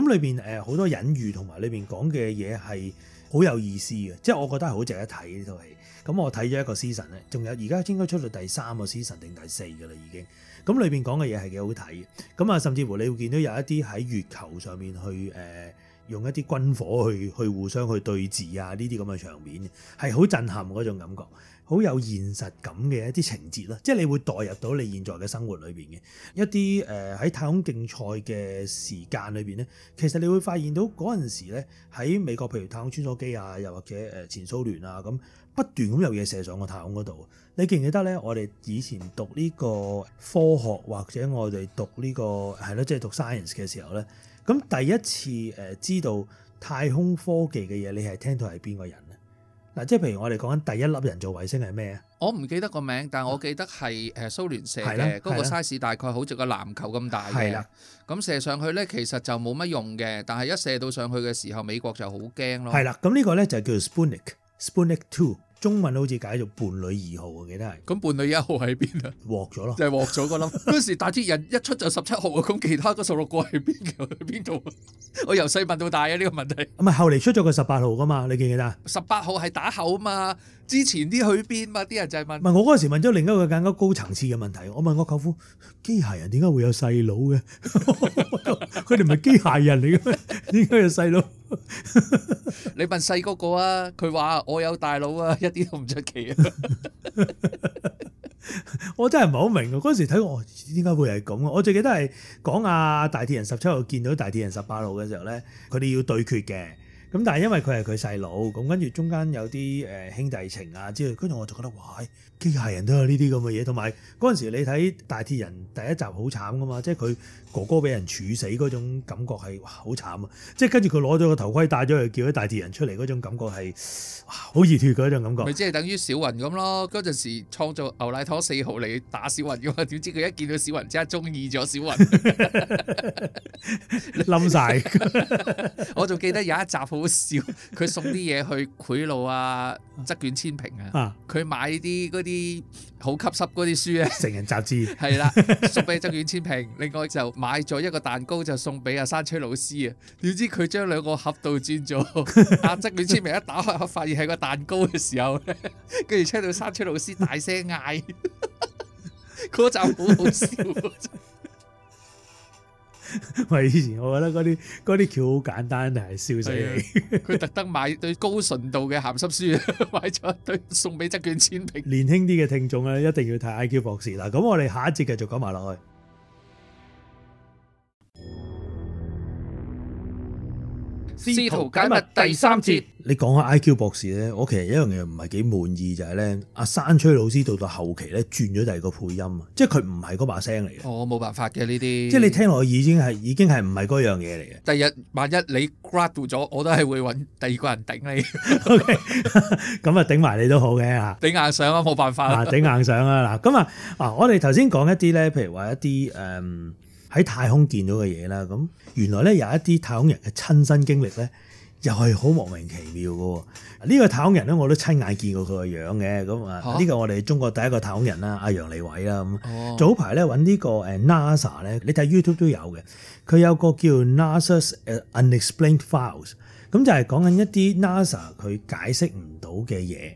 咁裏邊誒好多隱喻，同埋裏邊講嘅嘢係好有意思嘅，即係我覺得好值得睇呢套戲。咁我睇咗一個 season 咧，仲有而家應該出到第三個 season 定第四㗎啦，已經。咁裏邊講嘅嘢係幾好睇咁啊，甚至乎你會見到有一啲喺月球上面去誒、呃，用一啲軍火去去互相去對峙啊，呢啲咁嘅場面係好震撼嗰種感覺。好有現實感嘅一啲情節啦，即係你會代入到你現在嘅生活裏邊嘅一啲誒喺太空競賽嘅時間裏邊咧，其實你會發現到嗰陣時咧喺美國，譬如太空穿梭機啊，又或者誒前蘇聯啊咁不斷咁有嘢射上個太空嗰度。你記唔記得咧？我哋以前讀呢個科學或者我哋讀呢個係咯，即係讀 science 嘅時候咧，咁第一次誒知道太空科技嘅嘢，你係聽到係邊個人？嗱，即係譬如我哋講緊第一粒人造衛星係咩？我唔記得個名，但係我記得係誒蘇聯射嘅嗰的個 size 大概好似個籃球咁大嘅，係啦，咁的射上去咧，其實就冇乜用嘅，但係一射到上去嘅時候，美國就好驚咯。係啦，咁呢個咧就係叫做 Sputnik，Sputnik Two。中文好似解做伴侶二號我記得係。咁伴侶一號喺邊啊？獲咗咯，就係獲咗個冧。嗰陣時大鐵人一出就十七號啊，咁 其他嗰十六個喺邊嘅？去邊度啊？我由細問到大啊，呢、呢個問題。咁係後嚟出咗個十八號㗎嘛？你記唔記得？十八號係打後啊嘛。之前啲去邊嘛？啲人就係問。唔係我嗰陣時問咗另一個更加高層次嘅問題。我問我舅父：機械人點解會有細佬嘅？佢哋唔係機械人嚟嘅咩？點解有細佬？ 你問細嗰個啊？佢話我有大佬啊，一啲都唔出奇啊！ 我真係唔係好明喎。嗰陣時睇我點解會係咁？我最記得係講啊。大鐵人十七號見到大鐵人十八號嘅時候咧，佢哋要對決嘅。咁但係因為佢係佢細佬，咁跟住中間有啲誒兄弟情啊之類，跟住我就覺得哇！機械人都有呢啲咁嘅嘢，同埋嗰陣時你睇大鐵人第一集好慘㗎嘛，即係佢哥哥俾人處死嗰種感覺係哇好慘啊！即係跟住佢攞咗個頭盔戴咗，又叫啲大地人出嚟嗰種感覺係哇好易脫好熱血嗰種感覺。咪即係等於小雲咁咯？嗰陣時創造牛奶糖四號嚟打小雲嘅嘛？點知佢一見到小雲即係中意咗小雲，冧晒 了， 我仲記得有一集好笑，佢送啲嘢去賄賂啊，執卷千平啊，佢買啲嗰啲。好吸濕嗰啲書咧，成人雜誌，係啦， 送俾曾遠千平， 另外就買咗一個蛋糕，就送俾阿山吹老師啊。點知佢將兩個盒倒轉咗，阿曾遠千平一打開盒，發現係個蛋糕嘅時候咧，跟 住聽到山吹老師大聲嗌：嗰好，好笑。 」喂， 以前我覺得嗰啲啲橋好簡單，係笑死你的。佢 特登買一對高純度嘅鹹濕書，買咗一對送俾執卷錢皮。年輕啲嘅聽眾咧，一定要睇 IQ 博士啦。咁我哋下一節繼續講埋落去。試圖解密第三節，你講下 I Q 博士咧，我其實一樣嘢唔係幾滿意就係咧，阿山吹老師到到後期咧轉咗第二個配音啊，即係佢唔係嗰把聲嚟嘅。我冇、哦、辦法嘅呢啲。即係你聽落去已經係已經係唔係嗰樣嘢嚟嘅。第日萬一你 graduate 咗，我都係會揾第二個人頂你。O K，咁啊頂埋你都好嘅吓。頂硬上啊，冇辦法啦。頂 硬上啊嗱，咁啊啊，我哋頭先講一啲咧，譬如話一啲誒。嗯喺太空見到嘅嘢啦，咁原來咧有一啲太空人嘅親身經歷咧，又係好莫名其妙嘅。呢、這個太空人咧，我都親眼見過佢個樣嘅。咁啊，呢個我哋中國第一個太空人啦，阿楊利偉啦。咁、哦、早排咧揾呢個誒 NASA 咧，你睇 YouTube 都有嘅。佢有個叫 NASA Unexplained Files，咁就係講緊一啲 NASA 佢解釋唔到嘅嘢，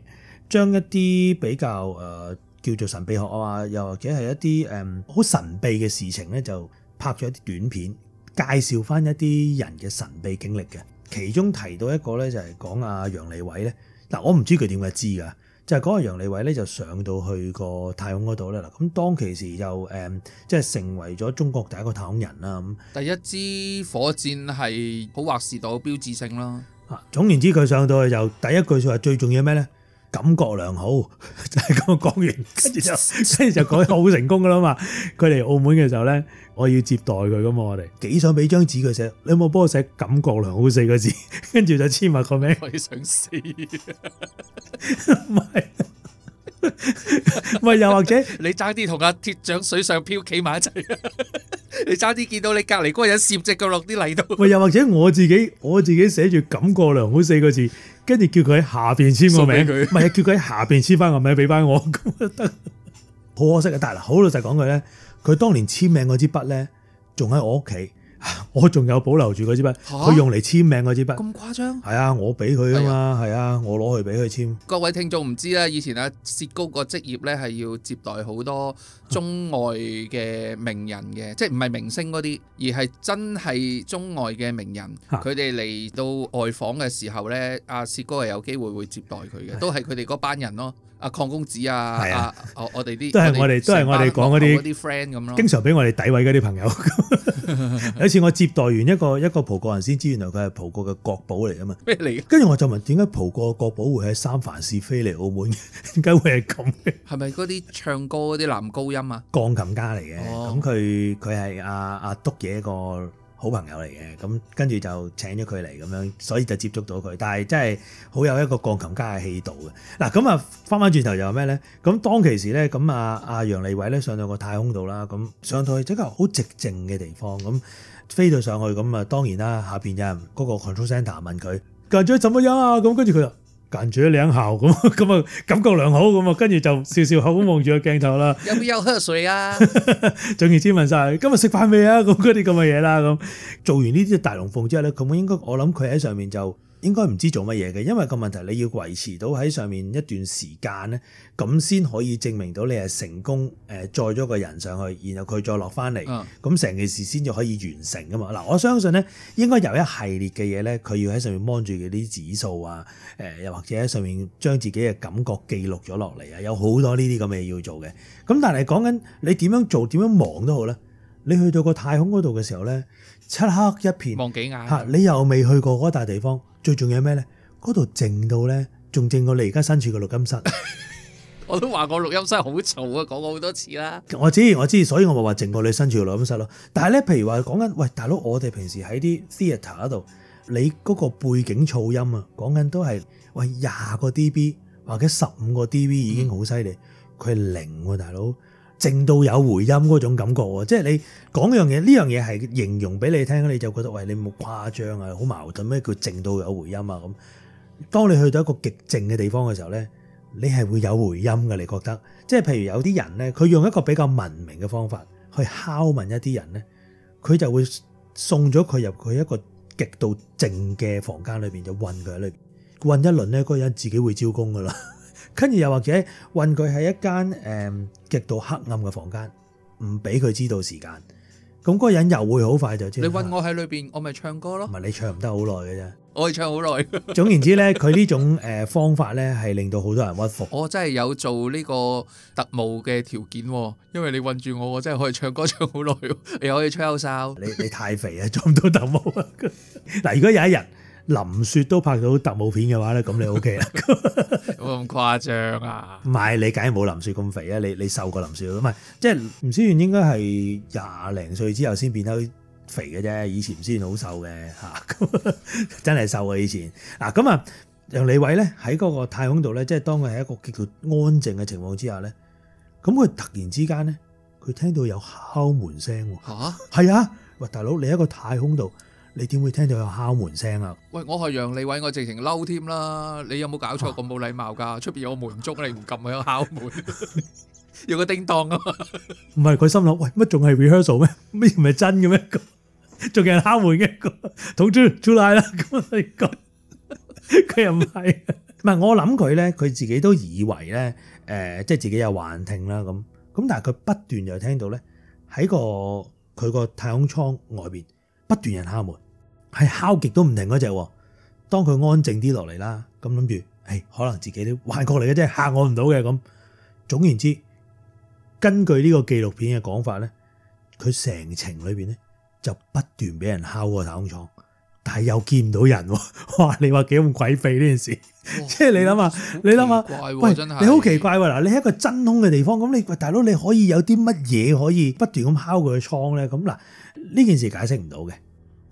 將一啲比較誒、呃、叫做神秘學啊，又或者係一啲誒好神秘嘅事情咧就。拍咗一啲短片，介紹翻一啲人嘅神秘經歷嘅，其中提到一個咧就係講阿楊利偉咧，嗱，我唔知佢點解知噶，就係講阿楊利偉咧就上到去個太空嗰度咧，嗱，咁當其時就誒，即係成為咗中國第一個太空人啦，第一支火箭係好劃時代嘅標誌性啦。總言之，佢上到去就第一句說話最重要咩咧？感覺良好，就係咁講完，跟住就跟住就講得好成功噶啦嘛。佢嚟澳門嘅時候咧，我要接待佢噶嘛。我哋幾想俾張紙佢寫，你有冇幫我寫感覺良好四個字？跟 住就簽埋個名，我要想死。 唔係。 喂， 又或者 你差啲同阿鐵掌水上漂企埋一齊， 你差啲見到你隔籬嗰個人涉隻腳落啲泥度。喂 又或者我自己我自己寫住感覺良好四個字，跟住叫佢喺下邊簽個名。唔係，叫佢喺下邊簽翻個名俾翻我，咁好 可惜啊！大係啦，好老實講句咧，佢當年簽名嗰支筆咧，仲喺我屋企。我仲有保留住嗰支筆，佢用嚟簽名嗰支筆。咁誇張？係啊，我俾佢啊嘛，係啊，我攞去俾佢簽。各位聽眾唔知啦，以前啊，薛高個職業呢係要接待好多中外嘅名人嘅，即係唔係明星嗰啲，而係真係中外嘅名人。佢哋嚟到外訪嘅時候呢，阿薛高係有機會會接待佢嘅，都係佢哋嗰班人咯。阿鄺、啊、公子啊，啊，我哋啲都係我哋都係我哋講嗰啲 friend 咁咯，經常俾我哋詆毀嗰啲朋友。有一次我接待完一個一個葡國人，先知原來佢係葡國嘅國寶嚟啊嘛。咩嚟？跟住我就問點解葡國嘅國寶會喺三藩市飛嚟澳門？點解會係咁嘅？係咪嗰啲唱歌嗰啲男高音啊？鋼琴家嚟嘅，咁佢佢係阿阿篤嘢個。好朋友嚟嘅，咁跟住就請咗佢嚟咁樣，所以就接觸到佢。但係真係好有一個鋼琴家嘅氣度嘅。嗱咁啊，翻翻轉頭又係咩咧？咁當其時咧，咁阿阿楊利偉咧上到個太空度啦，咁上到去即個好寂靜嘅地方，咁飛到上去，咁啊當然啦，下邊有人嗰個 control centre 問佢近咗點樣啊？咁跟住佢就。跟住咧兩口咁，咁 啊感覺良好咁啊，跟住就笑笑口咁望住個鏡頭啦。有冇要喝水啊？ 總言之問晒：「今日食飯未啊？咁嗰啲咁嘅嘢啦，咁做完呢啲大龍鳳之後咧，咁我應該，應該我諗佢喺上面就。應該唔知做乜嘢嘅，因為個問題你要維持到喺上面一段時間咧，咁先可以證明到你係成功。誒載咗個人上去，然後佢再落翻嚟，咁成、嗯、件事先就可以完成噶嘛。嗱，我相信咧，應該有一系列嘅嘢咧，佢要喺上面望住啲指數啊，誒、呃、又或者喺上面將自己嘅感覺記錄咗落嚟啊，有好多呢啲咁嘅嘢要做嘅。咁但係講緊你點樣做，點樣忙都好咧。你去到個太空嗰度嘅時候咧，漆黑一片，望幾眼吓，你又未去過嗰笪地方。最重要係咩咧？嗰度靜到咧，仲靜過你而家身處個 錄，錄音室。我都話我錄音室好嘈啊，講過好多次啦。我知我知，所以我咪話靜過你身處個錄音室咯。但係咧，譬如話講緊，喂，大佬，我哋平時喺啲 theatre 嗰度，你嗰個背景噪音啊，講緊都係喂廿個 dB 或者十五個 dB 已經好犀利，佢係、嗯、零喎，大佬。靜到有回音嗰種感覺喎，即係你講樣嘢，呢樣嘢係形容俾你聽，你就覺得喂，你冇誇張啊。好矛盾咩？叫靜到有回音呀咁。當你去到一個極靜嘅地方嘅時候咧，你係會有回音㗎。你覺得，即係譬如有啲人咧，佢用一個比較文明嘅方法去拷問一啲人咧，佢就會送咗佢入去一個極度靜嘅房間裏邊，就韞佢喺裏邊韞一輪咧，嗰人自己會招供㗎啦。跟住又或者困佢喺一間誒極度黑暗嘅房間，唔俾佢知道時間，咁、那、嗰個人又會好快就知你就。你困我喺裏邊，我咪唱歌咯。唔係你唱唔得好耐嘅啫，我係唱好耐。總言之咧，佢呢 種誒方法咧係令到好多人屈服。我真係有做呢個特務嘅條件，因為你困住我，我真係可以唱歌唱好耐，你可以吹口哨。你你太肥啊，做唔到特務啊！嗱， 如果有一日。林雪都拍到特務片嘅話咧，咁你 OK 啦，冇咁 誇張啊！唔係你梗係冇林雪咁肥啊，你你瘦過林雪，唔係即係吳思遠應該係廿零歲之後先變得肥嘅啫，以前先好瘦嘅嚇， 真係瘦嘅以前。嗱咁啊，楊利偉咧喺嗰個太空度咧，即係當佢係一個極度安靜嘅情況之下咧，咁佢突然之間咧，佢聽到有敲門聲嚇，係啊，啊，喂大佬，你喺個太空度。你點會聽到有敲門聲啊？喂，我係楊利偉，我直情嬲添啦！你有冇搞錯咁冇禮貌噶？出邊有個門鐘，你唔撳喺度敲門，有個叮當啊！唔係佢心諗，喂乜仲係 rehearsal 咩？咩唔係真嘅咩？仲有人敲門嘅？土豬出嚟啦！咁嚟講，佢又唔係。唔係我諗佢咧，佢自己都以為咧，誒，即係自己有幻聽啦咁。咁但係佢不斷就聽到咧，喺個佢個太空艙外邊不斷有人敲門。係敲極都唔停嗰隻，當佢安靜啲落嚟啦，咁諗住，誒，可能自己啲幻覺嚟嘅，即係嚇我唔到嘅咁。總言之，根據呢個紀錄片嘅講法咧，佢成程裏邊咧就不斷俾人敲個太空倉但係又見唔到人喎。哇，你話幾咁鬼秘呢件事？哇即係你諗下，你諗下，真係喂，你好奇怪喎嗱，你喺一個真空嘅地方，咁你喂大佬，你可以有啲乜嘢可以不斷咁敲佢嘅倉咧？咁嗱，呢件事解釋唔到嘅。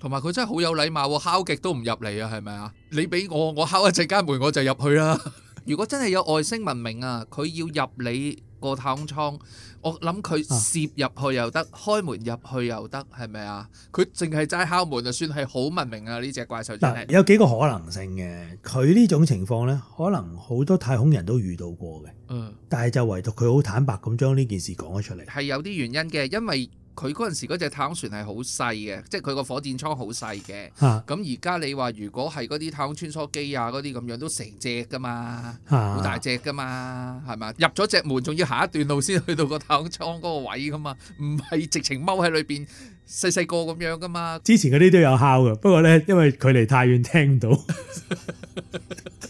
同埋佢真係好有禮貌，敲極都唔入嚟啊，係咪啊？你俾我，我敲一陣間門，我就入去啦。 如果真係有外星文明啊，佢要入你個太空艙，我諗佢攝入去又得，啊、開門入去又得，係咪啊？佢淨係齋敲門啊，算係好文明啊！呢隻怪獸真有幾個可能性嘅，佢呢種情況呢，可能好多太空人都遇到過嘅。嗯，但係就唯獨佢好坦白咁將呢件事講咗出嚟，係有啲原因嘅，因為，佢嗰陣時嗰隻太空船係好細嘅，即係佢個火箭艙好細嘅。咁而家你話如果係嗰啲太空穿梭機啊嗰啲咁樣都成隻噶嘛，好、啊、大隻噶嘛，係嘛？入咗隻門仲要下一段路先去到個太空艙嗰個位噶嘛，唔係直情踎喺裏邊細細個咁樣噶嘛。之前嗰啲都有敲嘅，不過呢，因為距離太遠聽唔到。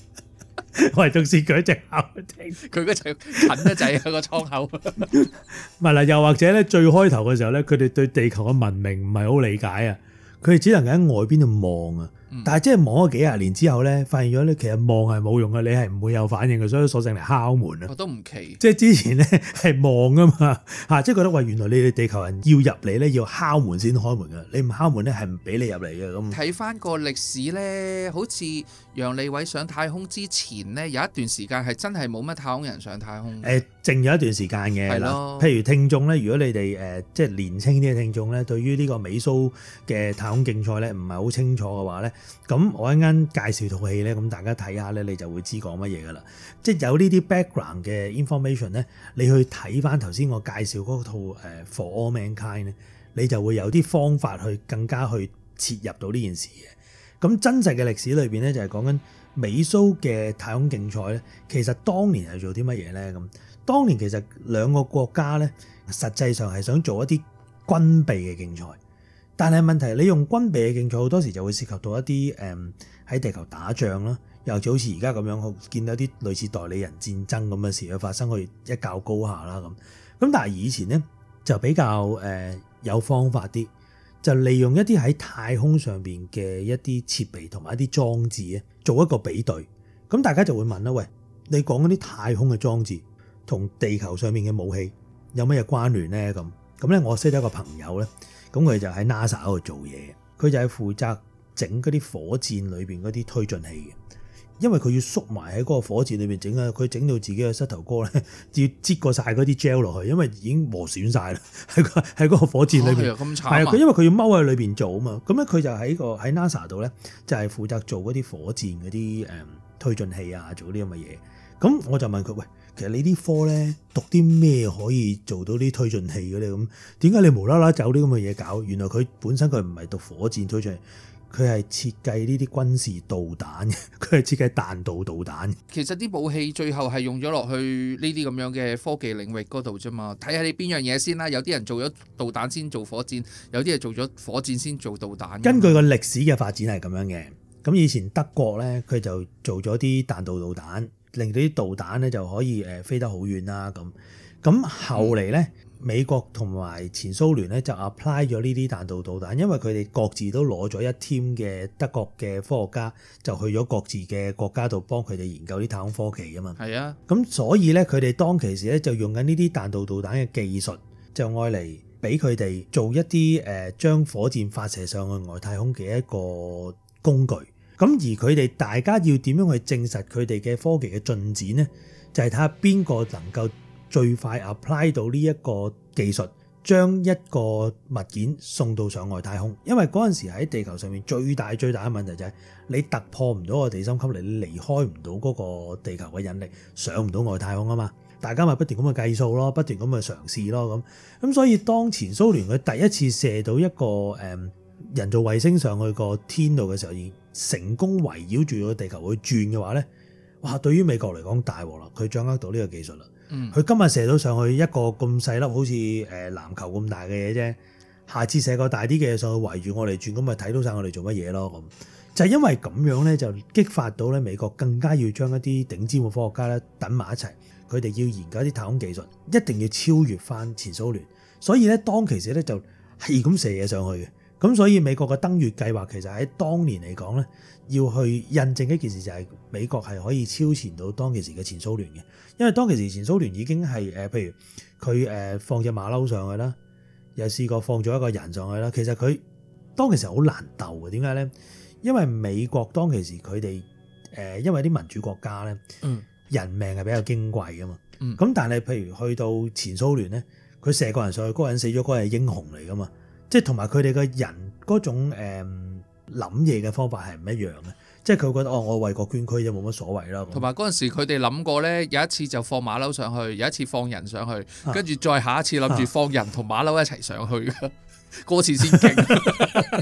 我喂，仲 是舉只口聽佢嗰隻近得滯喺個窗口，唔係嗱，又或者咧，最開頭嘅時候咧，佢哋對地球嘅文明唔係好理解啊，佢哋只能喺外邊度望啊。嗯、但係即係望咗幾十年之後咧，發現咗咧其實望係冇用嘅，你係唔會有反應嘅，所以索性嚟敲門，我都唔奇，即係之前咧係望啊嘛嚇，即係覺得哇原來你哋地球人要入嚟咧要敲門先開門嘅，你唔敲門咧係唔俾你入嚟嘅咁。睇翻個歷史咧，好似楊利偉上太空之前咧有一段時間係真係冇乜太空人上太空。誒、呃，靜咗一段時間嘅係啦。的譬如聽眾咧，如果你哋誒即係年輕啲嘅聽眾咧，對於呢個美蘇嘅太空競賽咧唔係好清楚嘅話咧，咁我啱啱介紹套戲咧，咁大家睇下咧，你就會知講乜嘢噶啦。即係有呢啲 background 嘅 information 咧，你去睇翻頭先我介紹嗰套誒 For All Mankind 咧，你就會有啲方法去更加去切入到呢件事嘅。咁真實嘅歷史裏邊咧，就係講緊美蘇嘅太空競賽咧。其實當年係做啲乜嘢咧？咁當年其實兩個國家咧，實際上係想做一啲軍備嘅競賽。但係問題，你用軍備嘅競賽好多時就會涉及到一啲誒喺地球打仗啦，又好似而家咁樣，好見到啲類似代理人戰爭咁嘅事去發生，去一較高下啦咁。咁但係以前呢，就比較誒、呃、有方法啲，就利用一啲喺太空上面嘅一啲設備同埋一啲裝置咧，做一個比對。咁大家就會問啦，喂，你講嗰啲太空嘅裝置同地球上面嘅武器有乜嘢關聯咧？咁咁咧，我識得一個朋友咧。咁佢就喺 NASA 度做嘢，佢就係負責整嗰啲火箭裏邊嗰啲推進器嘅，因為佢要縮埋喺嗰個火箭裏邊整啊，佢整到自己嘅膝頭哥咧要擠過晒嗰啲 gel 落去，因為已經磨損晒啦，喺喺嗰個火箭裏邊，係啊，佢、啊、因為佢要踎喺裏邊做啊嘛，咁咧佢就喺個喺 NASA 度咧就係負責做嗰啲火箭嗰啲誒推進器啊，做啲咁嘅嘢，咁我就問佢喂。其實呢啲科咧讀啲咩可以做到啲推進器嘅咧？咁點解你無啦啦走啲咁嘅嘢搞？原來佢本身佢唔係讀火箭推進，佢係設計呢啲軍事導彈，佢係設計彈道導彈。其實啲武器最後係用咗落去呢啲咁樣嘅科技領域嗰度啫嘛，睇下你邊樣嘢先啦。有啲人做咗導彈先做火箭，有啲係做咗火箭先做導彈。根據個歷史嘅發展係咁樣嘅，咁以前德國咧佢就做咗啲彈道導彈。令到啲導彈咧就可以誒飛得好遠啦咁。咁後嚟咧，美國同埋前蘇聯咧就 apply 咗呢啲彈道導彈，因為佢哋各自都攞咗一 team 嘅德國嘅科學家，就去咗各自嘅國家度幫佢哋研究啲太空科技啊嘛。係啊的，咁所以咧佢哋當其時咧就用緊呢啲彈道導彈嘅技術，就愛嚟俾佢哋做一啲誒將火箭發射上去外太空嘅一個工具。咁而佢哋大家要點樣去證實佢哋嘅科技嘅進展呢？就係睇下邊個能夠最快 apply 到呢一個技術，將一個物件送到上外太空。因為嗰陣時喺地球上面最大最大嘅問題就係你突破唔到個地心吸力，你離開唔到嗰個地球嘅引力，上唔到外太空啊嘛。大家咪不斷咁去計數咯，不斷咁去嘗試咯。咁咁所以當前蘇聯佢第一次射到一個誒人造衛星上去個天度嘅時候，已成功圍繞住個地球去轉嘅話咧，哇！對於美國嚟講大鑊啦，佢掌握到呢個技術啦。佢、嗯、今日射到上去一個咁細粒好似誒籃球咁大嘅嘢啫，下次射個大啲嘅嘢上去圍住我哋轉，咁咪睇到晒我哋做乜嘢咯咁。就因為咁樣咧，就激發到咧美國更加要將一啲頂尖嘅科學家咧等埋一齊，佢哋要研究啲太空技術，一定要超越返前蘇聯。所以咧，當其時咧就係咁射嘢上去嘅。咁所以美國嘅登月計劃其實喺當年嚟講咧，要去印證一件事就係美國係可以超前到當其時嘅前蘇聯嘅，因為當其時前蘇聯已經係誒，譬如佢誒放隻馬騮上去啦，又試過放咗一個人上去啦。其實佢當其時好難鬥嘅，點解咧？因為美國當其時佢哋誒，因為啲民主國家咧，人命係比較矜貴㗎嘛。咁但係譬如去到前蘇聯咧，佢射個人上去，嗰個人死咗，嗰係英雄嚟㗎嘛。即係同埋佢哋嘅人嗰種誒諗嘢嘅方法係唔一樣嘅，即係佢覺得哦，我為國捐軀就冇乜所謂啦。同埋嗰陣時佢哋諗過咧，有一次就放馬騮上去，有一次放人上去，跟住再下一次諗住放人同馬騮一齊上去 歌詞先勁，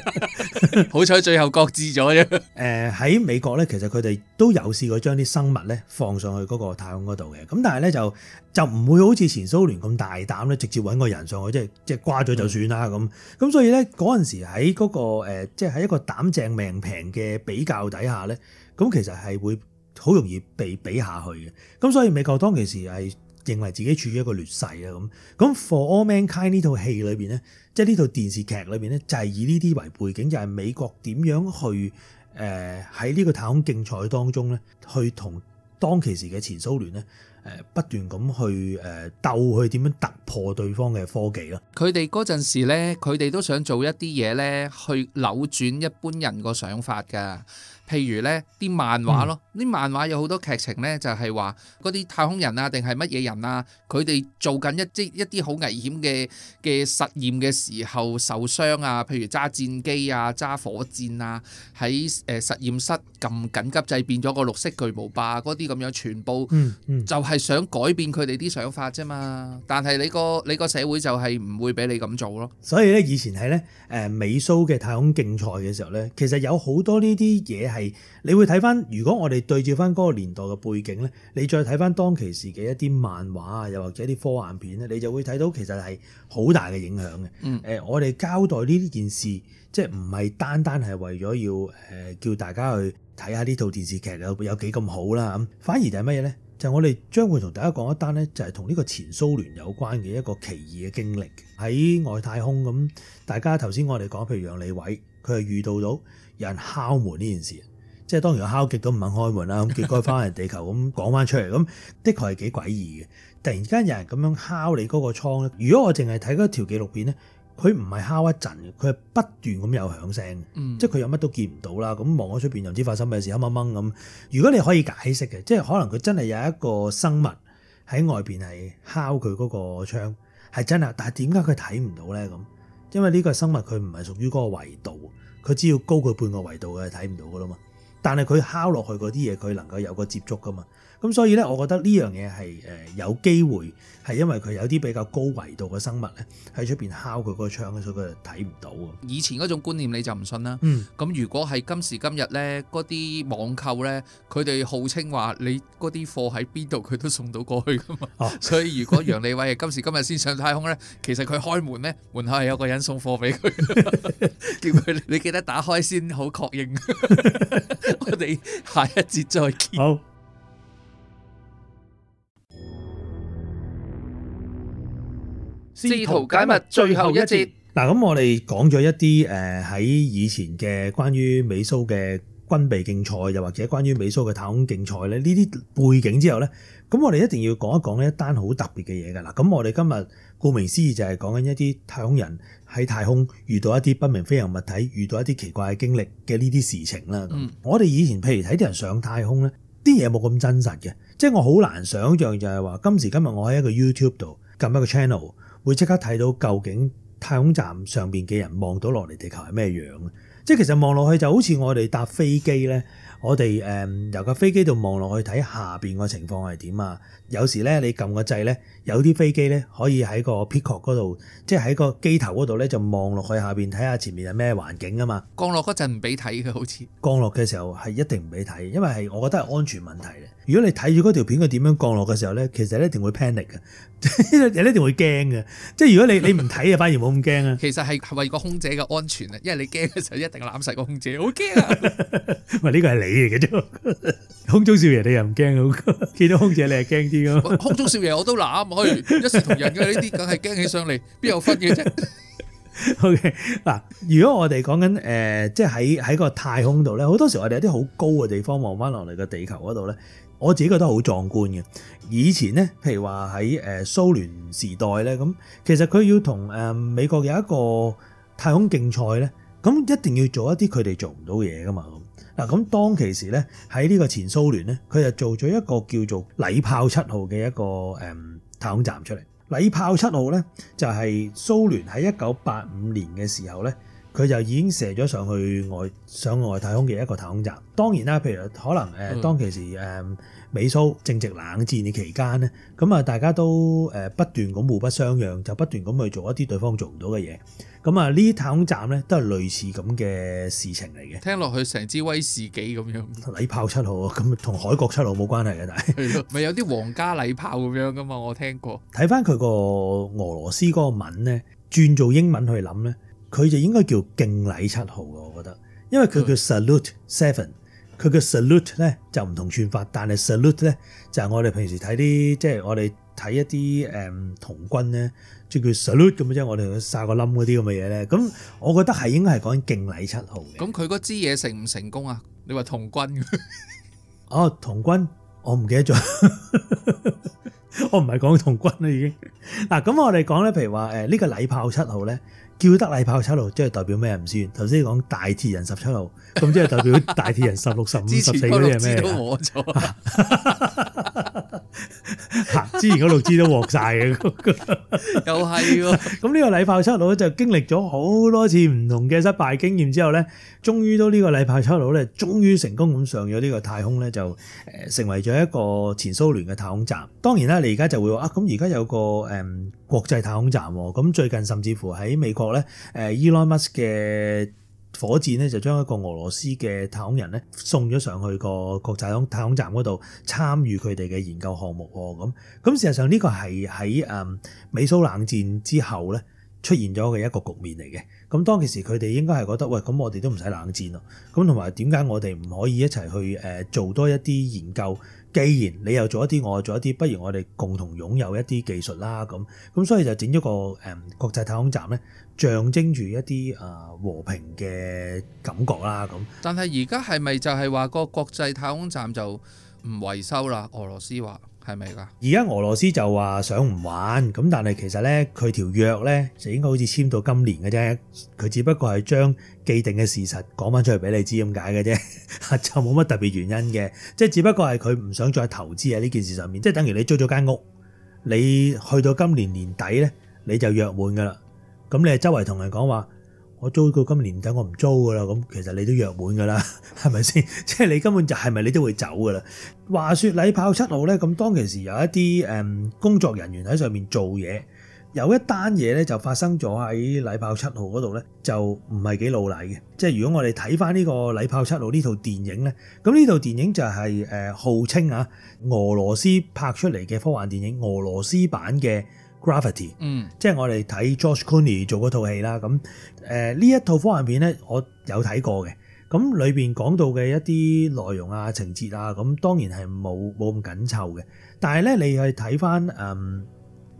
好彩最後擱置咗啫、呃。誒喺美國咧，其實佢哋都有試過將啲生物咧放上去嗰個太空嗰度嘅，咁但係咧就就唔會好似前蘇聯咁大膽咧，直接搵個人上去，即係即係掛咗就算啦咁。咁、嗯、所以咧嗰陣時喺嗰、嗰個即係喺一個膽正命平嘅比較底下咧，咁其實係會好容易被比下去嘅。咁所以美國當其時係。認為自己處於一個劣勢啊咁，咁《For All Mankind》呢套戲裏邊咧，即係呢套電視劇裏邊咧，就係以呢啲為背景，就係美國點樣去誒喺呢個太空競賽當中咧，去同當其時嘅前蘇聯咧誒不斷咁去誒鬥，去點樣突破對方嘅科技咯。佢哋嗰陣時咧，佢哋都想做一啲嘢咧，去扭轉一般人個想法噶。譬如咧啲漫畫咯，啲、嗯、漫畫有好多劇情咧，就係話啲太空人啊，定係乜嘢人啊，佢哋做緊一即一啲好危險嘅嘅實驗嘅時候受傷啊，譬如揸戰機啊、揸火箭啊，喺誒實驗室撳緊急掣變咗個綠色巨無霸啲咁樣，全部就係想改變佢哋啲想法啫嘛。嗯嗯、但係你個你個社會就係唔會俾你咁做咯。所以咧，以前係咧誒美蘇嘅太空競賽嘅時候咧，其實有好多呢啲嘢係。你會睇翻，如果我哋對照翻嗰個年代嘅背景咧，你再睇翻當其時嘅一啲漫畫啊，又或者一啲科幻片咧，你就會睇到其實係好大嘅影響嘅。誒、嗯呃，我哋交代呢件事，即係唔係單單係為咗要誒、呃、叫大家去睇下呢套電視劇有有幾咁好啦，反而就係乜嘢咧？就係我哋將會同大家講一單咧，就係同呢個前蘇聯有關嘅一個奇異嘅經歷，喺外太空咁。大家頭先我哋講，譬如楊利偉，佢係遇到到有人敲門呢件事。即係當然，敲極都唔肯開門啦。咁結果翻嚟地球咁講翻出嚟，咁的確係幾詭異嘅。突然之間有人咁樣敲你嗰個窗咧，如果我淨係睇嗰條紀錄片咧，佢唔係敲一陣，佢係不斷咁有響聲，嗯、即係佢又乜都見唔到啦。咁望咗出邊又唔知發生咩事，嗡嗡咁。如果你可以解釋嘅，即係可能佢真係有一個生物喺外邊係敲佢嗰個窗係真啊，但係點解佢睇唔到咧？咁因為呢個生物佢唔係屬於嗰個維度，佢只要高佢半個維度佢係睇唔到噶啦嘛。但係佢敲落去嗰啲嘢，佢能夠有個接觸噶嘛？咁所以咧，我覺得呢樣嘢係誒有機會係因為佢有啲比較高維度嘅生物咧喺出邊敲佢個窗，所以佢睇唔到。以前嗰種觀念你就唔信啦。咁、嗯、如果係今時今日咧，嗰啲網購咧，佢哋號稱話你嗰啲貨喺邊度，佢都送到過去噶嘛。哦、所以如果楊利偉係今時今日先上太空咧，呵呵呵其實佢開門咧，門口係有個人送貨俾佢，呵呵 叫佢你記得打開先，好確認。 我哋下一節再見。好。試圖解密最後一節嗱，咁我哋講咗一啲誒喺以前嘅關於美蘇嘅軍備競賽，又或者關於美蘇嘅太空競賽咧，呢啲背景之後咧，咁我哋一定要講一講一單好特別嘅嘢㗎啦。咁我哋今日顧名思義就係講緊一啲太空人喺太空遇到一啲不明飛行物體，遇到一啲奇怪嘅經歷嘅呢啲事情啦。嗯、我哋以前譬如睇啲人上太空咧，啲嘢冇咁真實嘅，即係我好難想像就係話今時今日我喺一個 YouTube 度撳一個 channel。會即刻睇到究竟太空站上邊嘅人望到落嚟地球係咩樣？即係其實望落去就好似我哋搭飛機咧，我哋誒、嗯、由架飛機度望落去睇下邊個情況係點啊！有時咧，你撳個掣咧，有啲飛機咧可以喺個 cockpit 嗰度，即係喺個機頭嗰度咧就望落去下邊睇下前面係咩環境啊嘛。降落嗰陣唔俾睇嘅，好似降落嘅時候係一定唔俾睇，因為係我覺得係安全問題咧。如果你睇住嗰條片佢點樣降落嘅時候咧，其實一定會 panic 嘅， 一定會驚嘅。即係如果你你唔睇啊，反而冇咁驚啊。 其實係係為個空姐嘅安全啊，因為你驚嘅時候一定攬晒個空姐，好驚啊。話呢個係你嚟嘅啫， 空中少爺你又唔驚啊， 見到空姐你係驚啲。空中少爺我都攬去，一視同仁嘅呢啲，梗係驚起上嚟，邊有分嘅啫？OK，嗱，如果我哋講緊誒，即係喺喺個太空度咧，好多時我哋有啲好高嘅地方望翻落嚟個地球嗰度咧，我自己覺得好壯觀嘅。以前咧，譬如話喺誒蘇聯時代咧，咁其實佢要同誒美國有一個太空競賽咧，咁一定要做一啲佢哋做唔到嘢㗎嘛。嗱，咁當其時咧，喺呢個前蘇聯咧，佢就做咗一個叫做禮炮七號嘅一個誒、嗯、太空站出嚟。禮炮七號咧，就係、是、蘇聯喺一九八五年嘅時候咧，佢就已經射咗上去外上外太空嘅一個太空站。當然啦，譬如可能誒、呃，當其時誒。嗯嗯美蘇正值冷戰嘅期間咧，咁啊大家都誒不斷咁互不相讓，就不斷咁去做一啲對方做唔到嘅嘢。咁啊呢啲太空站呢，都係類似咁嘅事情嚟嘅。聽落去成支威士忌咁樣。禮炮七號啊，咁同海角七號冇關係嘅，但係咪有啲皇家禮炮咁樣噶嘛？我聽過。睇翻佢個俄羅斯嗰個文呢，轉做英文去諗呢，佢就應該叫敬禮七號啊！我覺得，因為佢叫 Salute Seven。佢嘅 salute 咧就唔同串法，但係 salute 咧就係、是、我哋平時睇啲即係我哋睇一啲誒、嗯、童軍咧，即叫 salute 咁嘅啫，我哋撒個冧嗰啲咁嘅嘢咧，咁我覺得係應該係講敬禮七號嘅。咁佢嗰支嘢成唔成功啊？你話童軍？ 哦，童軍，我唔記得咗。 我唔係講同軍啦，已經嗱，咁我哋講咧，譬如話誒呢個禮炮七號咧，叫得禮炮七號，即係代表咩唔算？頭先講大鐵人十七號，咁即係代表大鐵人十六、十五、 十四嗰啲係咩我錯哈哈之前嗰六支都獲晒，嘅，又係喎。咁呢個禮炮七號就經歷咗好多次唔同嘅失敗經驗之後咧，終於都呢個禮炮七號咧，終於成功咁上咗呢個太空咧，就誒成為咗一個前蘇聯嘅太空站。當然啦，你而家就會話啊，咁而家有個誒、嗯、國際太空站喎。咁最近甚至乎喺美國咧，誒、嗯、Elon Musk 嘅。火箭咧就將一個俄羅斯嘅太空人咧送咗上去個國際太空站嗰度，參與佢哋嘅研究項目喎，咁咁事實上呢個係喺誒美蘇冷戰之後咧，出現咗嘅一個局面嚟嘅。咁當其時佢哋應該係覺得喂，咁我哋都唔使冷戰咯。咁同埋點解我哋唔可以一齊去誒做多一啲研究？既然你又做一啲，我又做一啲，不如我哋共同擁有一啲技術啦。咁咁所以就整咗個誒、嗯、國際太空站咧。象徵住一啲啊和平嘅感覺啦，咁但係而家係咪就係話個國際太空站就唔維修啦？俄羅斯話係咪㗎？而家俄羅斯就話想唔玩咁，但係其實咧佢條約咧就應該好似簽到今年嘅啫。佢只不過係將既定嘅事實講翻出嚟俾你知咁解嘅啫， 就冇乜特別原因嘅，即係只不過係佢唔想再投資喺呢件事上面，即係等於你租咗間屋，你去到今年年底咧你就約滿㗎啦。咁你周圍同人講話，我租到今年底，我唔租噶啦。咁其實你都約滿噶啦，係咪先？即係你根本就係咪你都會走噶啦？話說禮炮七號呢，咁當其時有一啲誒工作人員喺上面做嘢，有一單嘢呢就發生咗喺禮炮七號嗰度呢，就唔係幾老禮嘅。即係如果我哋睇翻呢個禮炮七號呢套電影呢，咁呢套電影就係誒號稱啊俄羅斯拍出嚟嘅科幻電影，俄羅斯版嘅。Gravity，嗯，即係我哋睇 Josh Cooney 做嗰套戲啦，咁誒呢一套科幻片咧，我有睇過嘅，咁裏邊講到嘅一啲內容啊、情節啊，咁、嗯、當然係冇冇咁緊湊嘅，但係咧你去睇翻誒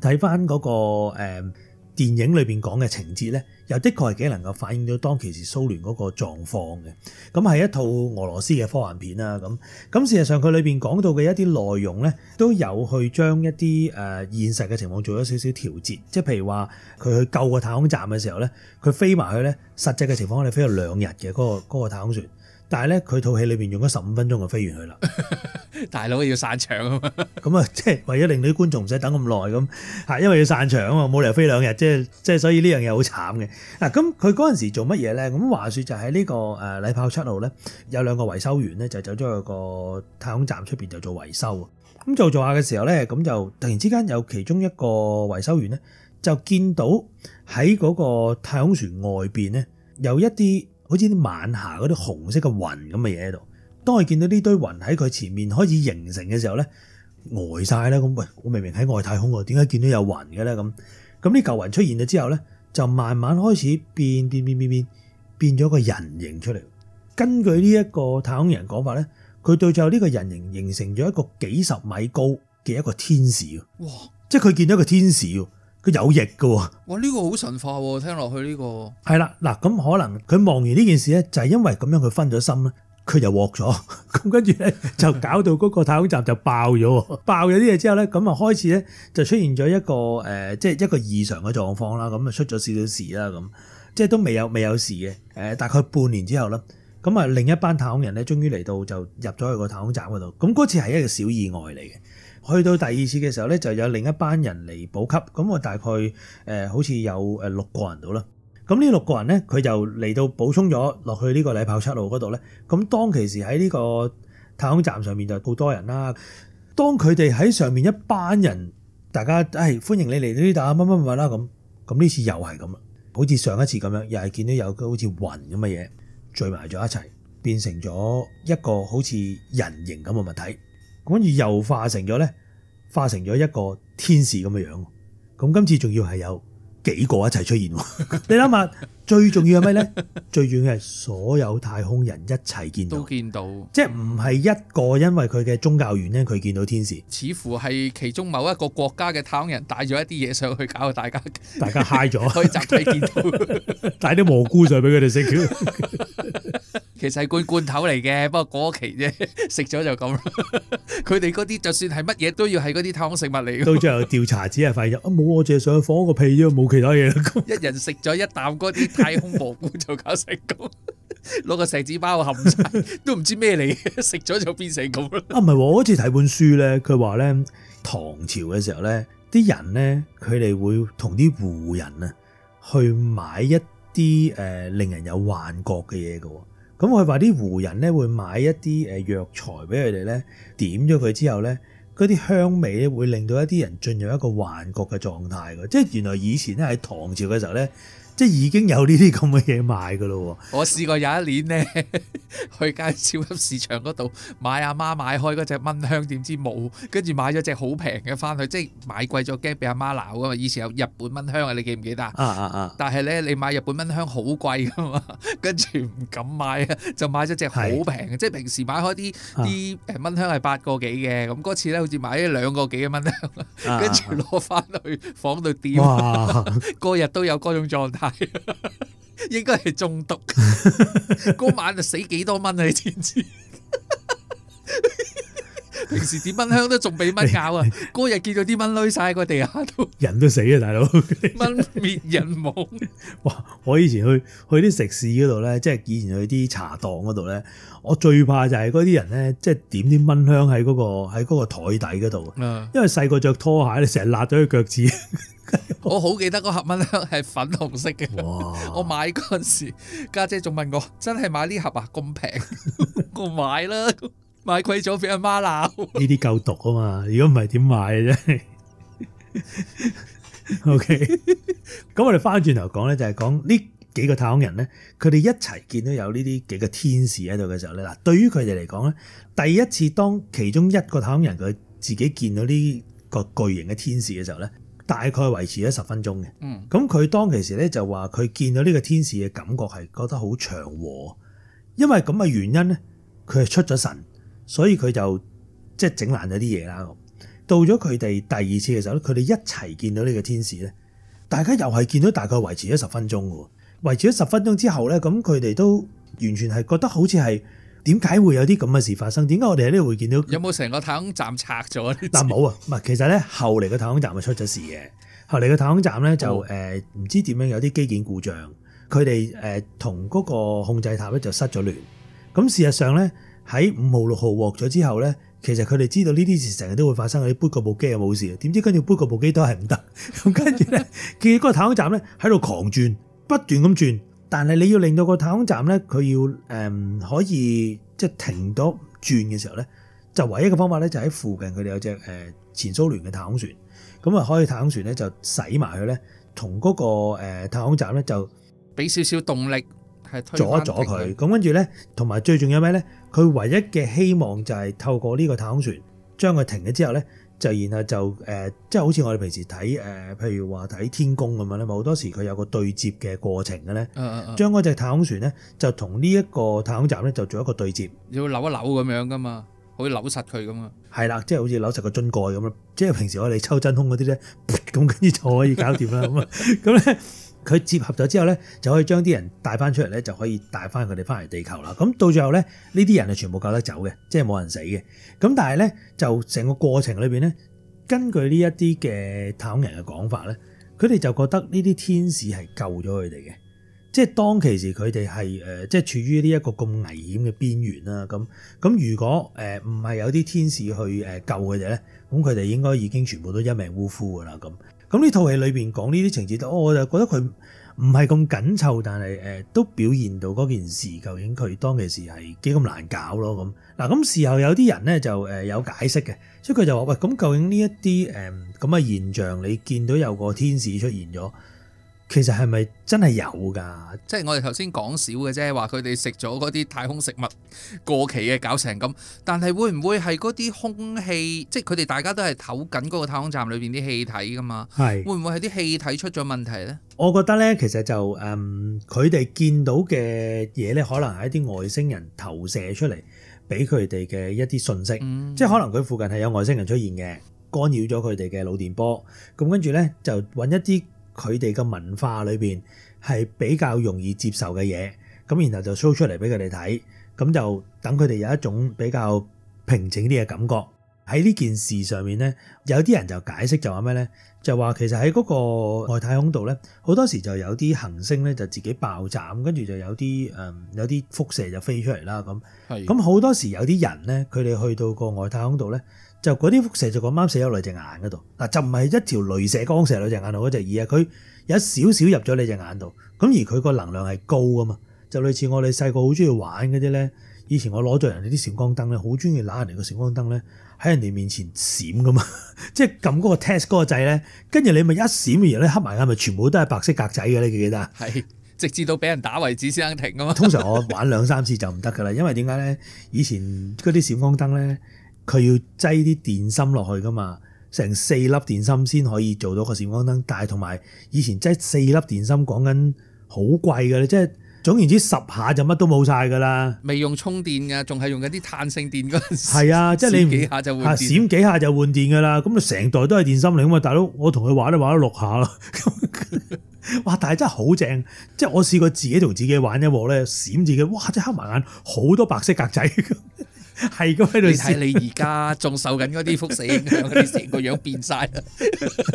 睇翻嗰個、嗯電影裏邊講嘅情節咧，又的確係幾能夠反映到當其時蘇聯嗰個狀況嘅。咁係一套俄羅斯嘅科幻片啦。咁咁事實上佢裏邊講到嘅一啲內容咧，都有去將一啲誒現實嘅情況做咗少少調節。即係譬如話，佢去救個太空站嘅時候咧，佢飛埋去咧，實際嘅情況可能飛咗兩日嘅嗰個嗰個太空船。但係咧，佢套戲裏邊用咗十五分鐘就飛完佢啦 大佬要散場啊嘛！咁啊，即係為咗令啲觀眾唔使等咁耐，咁係因為要散場啊嘛，冇理由飛兩日，即係即係所以那那呢樣嘢好慘嘅。嗱，咁佢嗰陣時做乜嘢咧？咁話說就喺呢個誒禮炮七號咧，有兩個維修員咧就走咗去個太空站出邊就做維修。咁做完做下嘅時候咧，咁就突然之間有其中一個維修員咧就見到喺嗰個太空船外邊咧有一啲，好似啲晚霞嗰啲紅色嘅雲咁嘅嘢喺度，當我見到呢堆雲喺佢前面開始形成嘅時候咧，呆晒啦！咁喂，我明明喺外太空喎，點解見到有雲嘅咧？咁咁呢嚿雲出現咗之後咧，就慢慢開始變變變變變變咗個人形出嚟。根據呢一個太空人講法咧，佢對就呢個人形形成咗一個幾十米高嘅一個天使喎，即係佢見到個天使喎。佢有翼嘅喎，哇！呢個好神化喎，聽落去呢個係啦，嗱咁可能佢望完呢件事咧，就係因為咁樣佢分咗心咧，佢就獲咗，咁跟住咧就搞到嗰個太空站就爆咗，爆咗啲嘢之後咧，咁啊開始咧就出現咗一個誒，即係一個異常嘅狀況啦，咁啊出咗少少事啦，咁即係都未有未有事嘅，誒大概半年之後咧，咁啊另一班太空人咧終於嚟到就入咗去個太空站嗰度，咁嗰次係一個小意外嚟嘅。去到第二次嘅時候呢，就有另一班人嚟補給，咁我大概誒、呃、好似有誒六個人到啦。咁呢六個人呢，佢就嚟到補充咗落去呢個禮炮七號嗰度呢。咁當其時喺呢個太空站上面就好多人啦。當佢哋喺上面一班人，大家誒、哎、歡迎你嚟呢度，乜乜乜啦咁。咁呢次又係咁啦，好似上一次咁樣，又係見到有好似雲咁嘅嘢聚埋咗一齊，變成咗一個好似人形咁嘅物體。跟住又化成咗呢，化成咗一個天使咁嘅樣。咁今次仲要係有幾個一齊出現。 你諗下，最重要係咩呢？ 最重要係所有太空人一齊見到，都見到，即係唔係一個因為佢嘅宗教原因佢見到天使。似乎係其中某一個國家嘅太空人帶咗一啲嘢上去搞，大家大家嗨咗，可以集體見到，帶 啲 蘑菇上去俾佢哋食。 其實係罐罐頭嚟嘅，不過過期啫，食咗就咁啦。佢哋嗰啲就算係乜嘢都要係嗰啲太空食物嚟嘅。到最後調查只係廢物，啊，冇，我淨係上去放一個屁啫，冇其他嘢。 一人食咗一啖嗰啲太空蘑菇就搞成咁，攞 個錫紙包冚曬，都唔知咩嚟嘅，食咗就變成咁啦。啊，唔係、啊，我好似睇本書咧，佢話咧唐朝嘅時候咧，啲人咧佢哋會同啲胡人啊去買一啲誒令人有幻覺嘅嘢嘅。咁佢話啲胡人咧，會買一啲誒藥材俾佢哋咧，點咗佢之後咧，嗰啲香味會令到一啲人進入一個幻覺嘅狀態嘅，即係原來以前咧喺唐朝嘅時候咧。即係已經有呢啲咁嘅嘢賣㗎咯喎！我試過有一年呢，去街超級市場嗰度買阿媽，媽買開嗰隻蚊香，點知冇，跟住買咗隻好平嘅翻去，即係買貴咗驚俾阿媽鬧㗎嘛。以前有日本蚊香啊，你記唔記得啊，啊，啊？但係呢，你買日本蚊香好貴㗎嘛，跟住唔敢買啊，就買咗隻好平嘅。是即係平時買開啲啲蚊香係八個幾嘅，咁嗰次呢，好似買咗兩個幾嘅蚊香，跟住攞翻去房度吊。個哇 日都有嗰種狀態。係， 應該係中毒。嗰晚就死幾多蚊啊你知唔知？平時點蚊香都仲俾蚊咬啊！嗰日見到啲蚊匿晒個地下都，人都死啊！大佬蚊滅人亡。 哇！我以前去去啲食肆嗰度咧，即係以前去啲茶檔嗰度咧，我最怕就係嗰啲人咧，即係點啲蚊香喺嗰、嗰個喺個台底嗰度。嗯，因為細個着拖鞋咧，成日辣咗啲腳趾。 我好記得嗰盒蚊香係粉紅色嘅。哇我買嗰陣時，家姐仲問我真係買， 買，買，買呢盒啊，咁平，我買啦，買貴咗俾阿媽鬧。呢啲夠毒啊嘛，如果唔係點買啊？真係。O K，咁我哋翻轉頭講咧，就係講呢幾個太空人咧，佢哋一齊見到有呢啲幾個天使喺度嘅時候咧，嗱，對於佢哋嚟講咧，第一次當其中一個太空人佢自己見到呢個巨型嘅天使嘅時候咧。大概維持咗十分鐘嘅，咁佢、嗯、當其時咧就話佢見到呢個天使嘅感覺係覺得好祥和，因為咁嘅原因咧，佢係出咗神，所以佢就即係整爛咗啲嘢啦。到咗佢哋第二次嘅時候咧，佢哋一齊見到呢個天使咧，大家又係見到大概維持咗十分鐘嘅，維持咗十分鐘之後咧，咁佢哋都完全係覺得好似係。點解會有啲咁嘅事發生？點解我哋喺呢度會見到有冇成個太空站拆咗？但冇啊，唔係，其實咧後嚟嘅太空站就出咗事嘅。後嚟嘅太空站咧就誒唔知點樣有啲機件故障，佢哋誒同嗰個控制塔咧就失咗聯。咁事實上咧喺五號六號獲咗之後咧，其實佢哋知道呢啲事成日都會發生。啲杯嗰部機有冇事嘅，點知跟住杯嗰部機都係唔得。咁跟住咧，見到個太空站咧喺度狂轉，不斷咁轉。但係你要令到個太空站咧，佢要誒可以即係停到轉嘅時候咧，就唯一嘅方法咧就喺附近佢哋有隻誒前蘇聯嘅太空船，咁啊可以太空船咧就駛埋佢咧，同嗰個太空站咧就俾少少動力係阻一阻佢，咁跟住咧同埋最重要咩咧？佢唯一嘅希望就係透過呢個太空船將佢停咗之後咧。就然後就誒，即、呃、係、就是、好似我哋平時睇誒、呃，譬如話睇天宮咁樣咧，好多時佢有個對接嘅過程嘅咧，啊啊啊將嗰隻太空船咧就同呢一個太空站咧就做一個對接，你要扭一扭咁樣噶嘛，可以扭實佢咁啊，係啦、就是，即係好似扭實個樽蓋咁啦，即係平時我哋抽真空嗰啲咧，咁跟住就可以搞掂啦咁啊，咁咧。佢接合咗之後咧，就可以將啲人帶翻出嚟咧，就可以帶翻佢哋翻嚟地球啦。咁到最後咧，呢啲人係全部救得走嘅，即係冇人死嘅。咁但係咧，就成個過程裏邊咧，根據呢一啲嘅太空人嘅講法咧，佢哋就覺得呢啲天使係救咗佢哋嘅，即係當其時佢哋係誒，即係處於呢一個咁危險嘅邊緣啦。咁咁如果誒唔係有啲天使去誒、呃、救佢哋咧，咁佢哋應該已經全部都一命嗚呼噶啦咁。咁呢套戲裏邊講呢啲情節，我我就覺得佢唔係咁緊湊，但係誒都表現到嗰件事究竟佢當其時係幾咁難搞咯咁。嗱，咁事後有啲人咧就誒有解釋嘅，所以佢就話喂，咁究竟呢一啲誒咁嘅現象，你見到有個天使出現咗。其實係咪真係有㗎？即係我哋頭先講笑嘅啫，話佢哋食咗嗰啲太空食物過期嘅，搞成咁。但係會唔會係嗰啲空氣？即係佢哋大家都係唞緊嗰個太空站裏邊啲氣體㗎嘛？係會唔會係啲氣體出咗問題咧？我覺得咧，其實就誒，佢哋見到嘅嘢咧，可能係一啲外星人投射出嚟，俾佢哋嘅一啲信息。嗯，即係可能佢附近係有外星人出現嘅，干擾咗佢哋嘅腦電波。咁跟住咧，就揾一啲，佢哋嘅文化裏邊係比較容易接受嘅嘢，咁然後就 show 出嚟俾佢哋睇，咁就等佢哋有一種比較平靜啲嘅感覺。喺呢件事上面咧，有啲人就解釋就話咩咧？就話其實喺嗰個外太空度咧，好多時就有啲行星咧就自己爆炸，跟住就有啲誒、嗯、有啲輻射就飛出嚟啦咁。咁好的多時有啲人咧，佢哋去到個外太空度咧，就嗰啲輻射就咁啱射咗落隻眼嗰度。嗱就唔係一條雷射光射你隻眼度嗰隻嘢，佢有少少入咗你隻眼度。咁而佢個能量係高啊嘛，就類似我哋細個好中意玩嗰啲咧，以前我攞咗人哋啲閃光燈咧，好中意攞人哋個閃光燈咧。喺人哋面前閃噶嘛 即，即係撳嗰個 test 嗰個掣咧，跟住你咪一閃完咧，黑埋眼咪全部都係白色格仔嘅咧，記唔記得啊？係，直至到俾人打為止先肯停噶嘛。通常我玩兩三次就唔得噶啦，因為點解咧？以前嗰啲閃光燈咧，佢要擠啲電芯落去噶嘛，成四粒電芯先可以做到個閃光燈，但係同埋以前擠四粒電芯講緊好貴嘅咧，即係。總言之，十下就乜都冇晒噶啦。未用充電噶，仲係用緊啲碳性電嗰陣。係 啊，即係你幾下就換，閃 幾下就換電噶啦。咁你成袋都係電芯嚟，咁啊，大佬，我同佢玩都玩咗六下咯。 哇！但係真係好正，即係 我試過自己同自己玩一鑊咧，閃自己，哇！真係黑埋眼，好多白色格仔。 係咁喺度，你睇你而家仲受緊嗰啲輻射影響，你成 個樣變晒。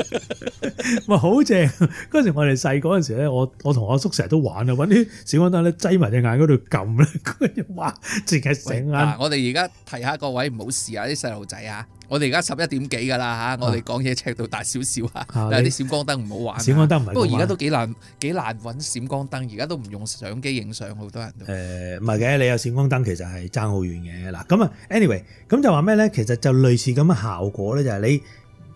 哇，好正！嗰時我哋細嗰陣時咧，我我同我叔成日都玩啊，搵啲小光燈咧，擠埋隻眼嗰度撳咧，哇！成日醒眼。我哋而家提下各位唔好試啊，啲細路仔啊。我哋而家十一點幾㗎啦嚇，啊、我哋講嘢尺度大少少啊，有啲閃光燈唔好、啊、好玩。閃光燈唔係？不過而家都幾難幾難揾閃光燈，而家都唔用相機影相，好多人都。誒唔係嘅，你有閃光燈其實係爭好遠嘅嗱。咁啊，anyway，咁就話咩咧？其實就類似咁嘅效果咧，就係、是、你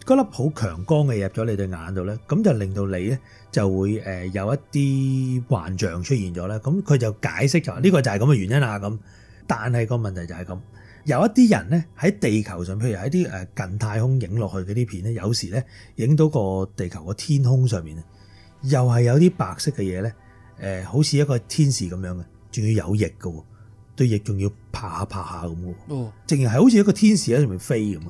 嗰粒好強光嘅入咗你對眼度咧，咁就令到你咧就會誒有一啲幻象出現咗咧。咁佢就解釋就呢、是、個就係咁嘅原因啦咁。但係個問題就係咁。有一啲人咧喺地球上，譬如喺啲誒近太空影落去嗰啲片咧，有時咧影到個地球個天空上面，又係有啲白色嘅嘢咧，誒好似一個天使咁樣嘅，仲要有翼嘅，對翼仲要爬下爬下咁嘅，竟然係好似一個天使喺上面飛咁。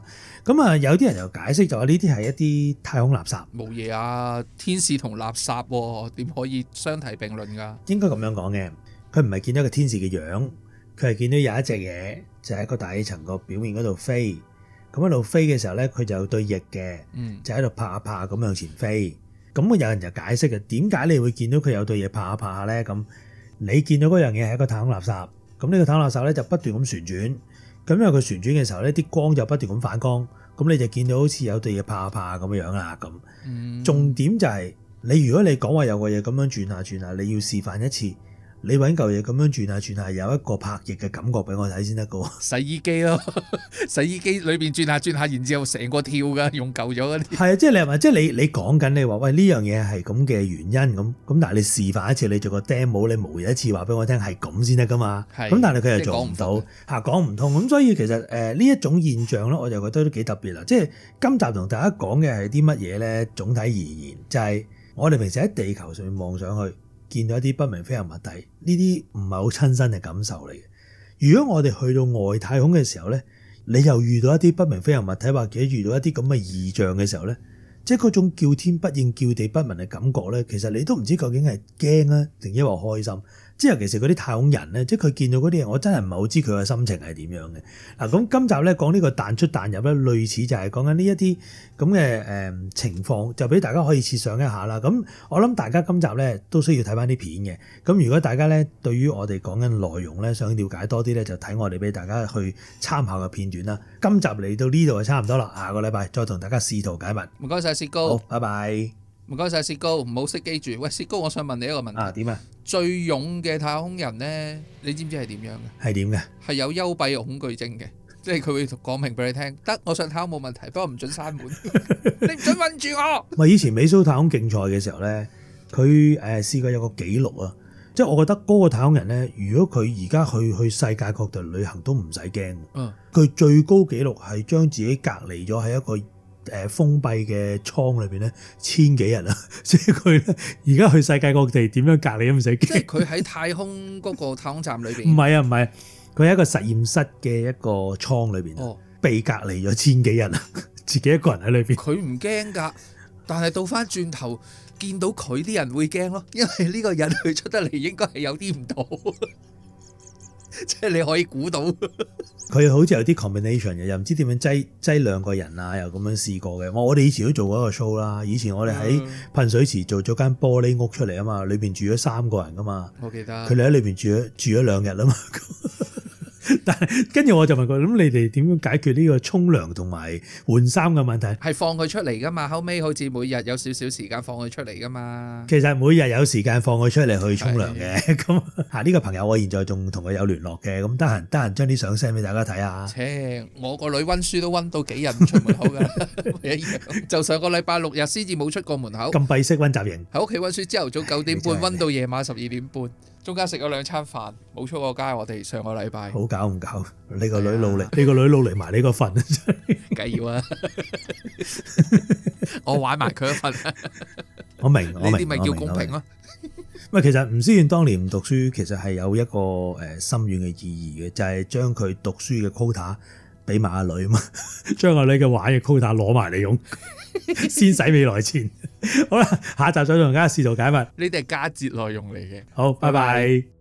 咁啊有啲人就解釋就話呢啲係一啲太空垃圾。冇嘢啊，天使同垃圾點、啊、可以相提並論噶？應該咁樣講嘅，佢唔係見到個天使嘅樣。佢係見到有一隻嘢就喺、是、個大氣層個表面嗰度飛，咁喺度飛嘅時候咧，佢就有對翼嘅，就喺度拍下拍下咁向前飛。咁有人就解釋嘅，點解你會見到佢有對嘢拍下拍下咧？咁你見到嗰樣嘢係一個太空垃圾，咁呢個太空垃圾咧就不斷咁旋轉，咁因為佢旋轉嘅時候咧，啲光就不斷咁反光，咁你就見到好似有對嘢拍下拍下咁樣啦。咁重點就係、是、你如果你講話有個嘢咁樣轉下轉下，你要示範一次。你搵嚿嘢咁樣轉下轉下，轉一下有一個拍翼嘅感覺俾我睇先得噶。洗衣機咯，洗衣機裏邊轉下轉下，然之後成個跳噶，用舊咗嗰啲。係啊 即係你話，即係你你你講緊你話，喂呢樣嘢係咁嘅原因咁咁，但係你示範一次，你做個 demo，你模擬一次，話俾我聽係咁先得噶嘛。咁的但係佢又做唔到，吓講唔通。咁所以其實誒呢一種現象咯，我就覺得都幾特別啊。即係今集同大家講嘅係啲乜嘢咧？總體而言，就係、是、我哋平時喺地球上望上去。見到一啲不明飛行物體，呢啲唔係好親身嘅感受嚟嘅。如果我哋去到外太空嘅時候咧，你又遇到一啲不明飛行物體，或者遇到一啲咁嘅異象嘅時候咧，即係嗰種叫天不應、叫地不聞嘅感覺咧，其實你都唔知究竟係驚啊，定抑或開心？之後其實嗰啲太空人咧，即係佢見到嗰啲嘢，我真係唔係好知佢嘅心情係點樣嘅。嗱，咁今集咧講呢個彈出彈入咧，類似就係講緊呢一啲咁嘅誒情況，就俾大家可以設想一下啦。咁我諗大家今集咧都需要睇翻啲片嘅。咁如果大家咧對於我哋講緊內容咧想了解多啲咧，就睇我哋俾大家去參考嘅片段啦。今集嚟到呢度就差唔多啦，下個禮拜再同大家試圖解密。唔該晒，薛高。好，拜拜。唔該晒，薛高，唔好熄機住。喂，薛高，我想問你一個問題。啊，點啊？最勇嘅太空人咧，你知唔知係點樣嘅？係點嘅？係有幽閉恐懼症嘅，即係佢會講明俾你聽。得，我想上太空冇問題，不過唔准閂門，你唔准困住我。咪以前美蘇太空競賽嘅時候咧，佢誒試過有個紀錄啊，即係我覺得嗰個太空人咧，如果佢而家去去世界各地旅行都唔使驚。嗯。佢最高紀錄係將自己隔離咗喺一個。誒，封閉嘅倉裏邊咧，千幾人啊！即係佢而家去世界各地點樣隔離都唔使驚。即係佢喺太空嗰個太空站裏邊。唔係 啊，唔係，啊，佢係一個實驗室嘅一個倉裏邊。哦，被隔離咗千幾人啊，自己一個人喺裏邊。佢唔驚噶，但係到返轉頭見到佢啲人會驚咯，因為呢個人佢出得嚟應該係有啲唔妥，即係你可以估到。佢好似有啲 combination 嘅，又唔知點樣擠擠兩個人啊，又咁樣試過嘅、哦。我我哋以前都做過一個 show 啦，以前我哋喺噴水池做咗間玻璃屋出嚟啊嘛，裏邊住咗三個人㗎嘛，我記得佢哋喺裏邊住咗住咗兩日啊嘛。 但係跟住我就問佢，咁你哋點樣解決呢個沖涼同埋換衫嘅問題？係放佢出嚟噶嘛？後尾好似每日有少少時間放佢出嚟噶嘛？其實每日有時間放佢出嚟去沖涼嘅。咁啊呢個朋友，我現在仲同佢有聯絡嘅。咁得閒得閒將啲相 send 俾大家睇下。切，我個女溫書都溫到幾日唔出門口㗎， 就上個禮拜六日，先至冇出過門口。咁閉式溫習型喺屋企溫書，朝頭早九點半溫到夜晚十二點半。 中間食咗兩餐飯，冇出過街我。我哋上個禮拜好搞唔搞？你個女努力，呀你個女努力埋你個份，梗要啦，啊！ 我玩埋佢一份，我明，我明，呢啲咪叫公平咯？唔係， 其實吳思燕當年唔讀書，其實係有一個誒深遠嘅意義嘅，就係將佢讀書嘅 quota 俾埋阿女啊嘛，將阿女嘅玩嘅 quota 攞埋嚟用。 先使未來錢， 好啦，下集再同大家試圖解密。呢啲係加節內容嚟嘅。好，拜拜。拜拜。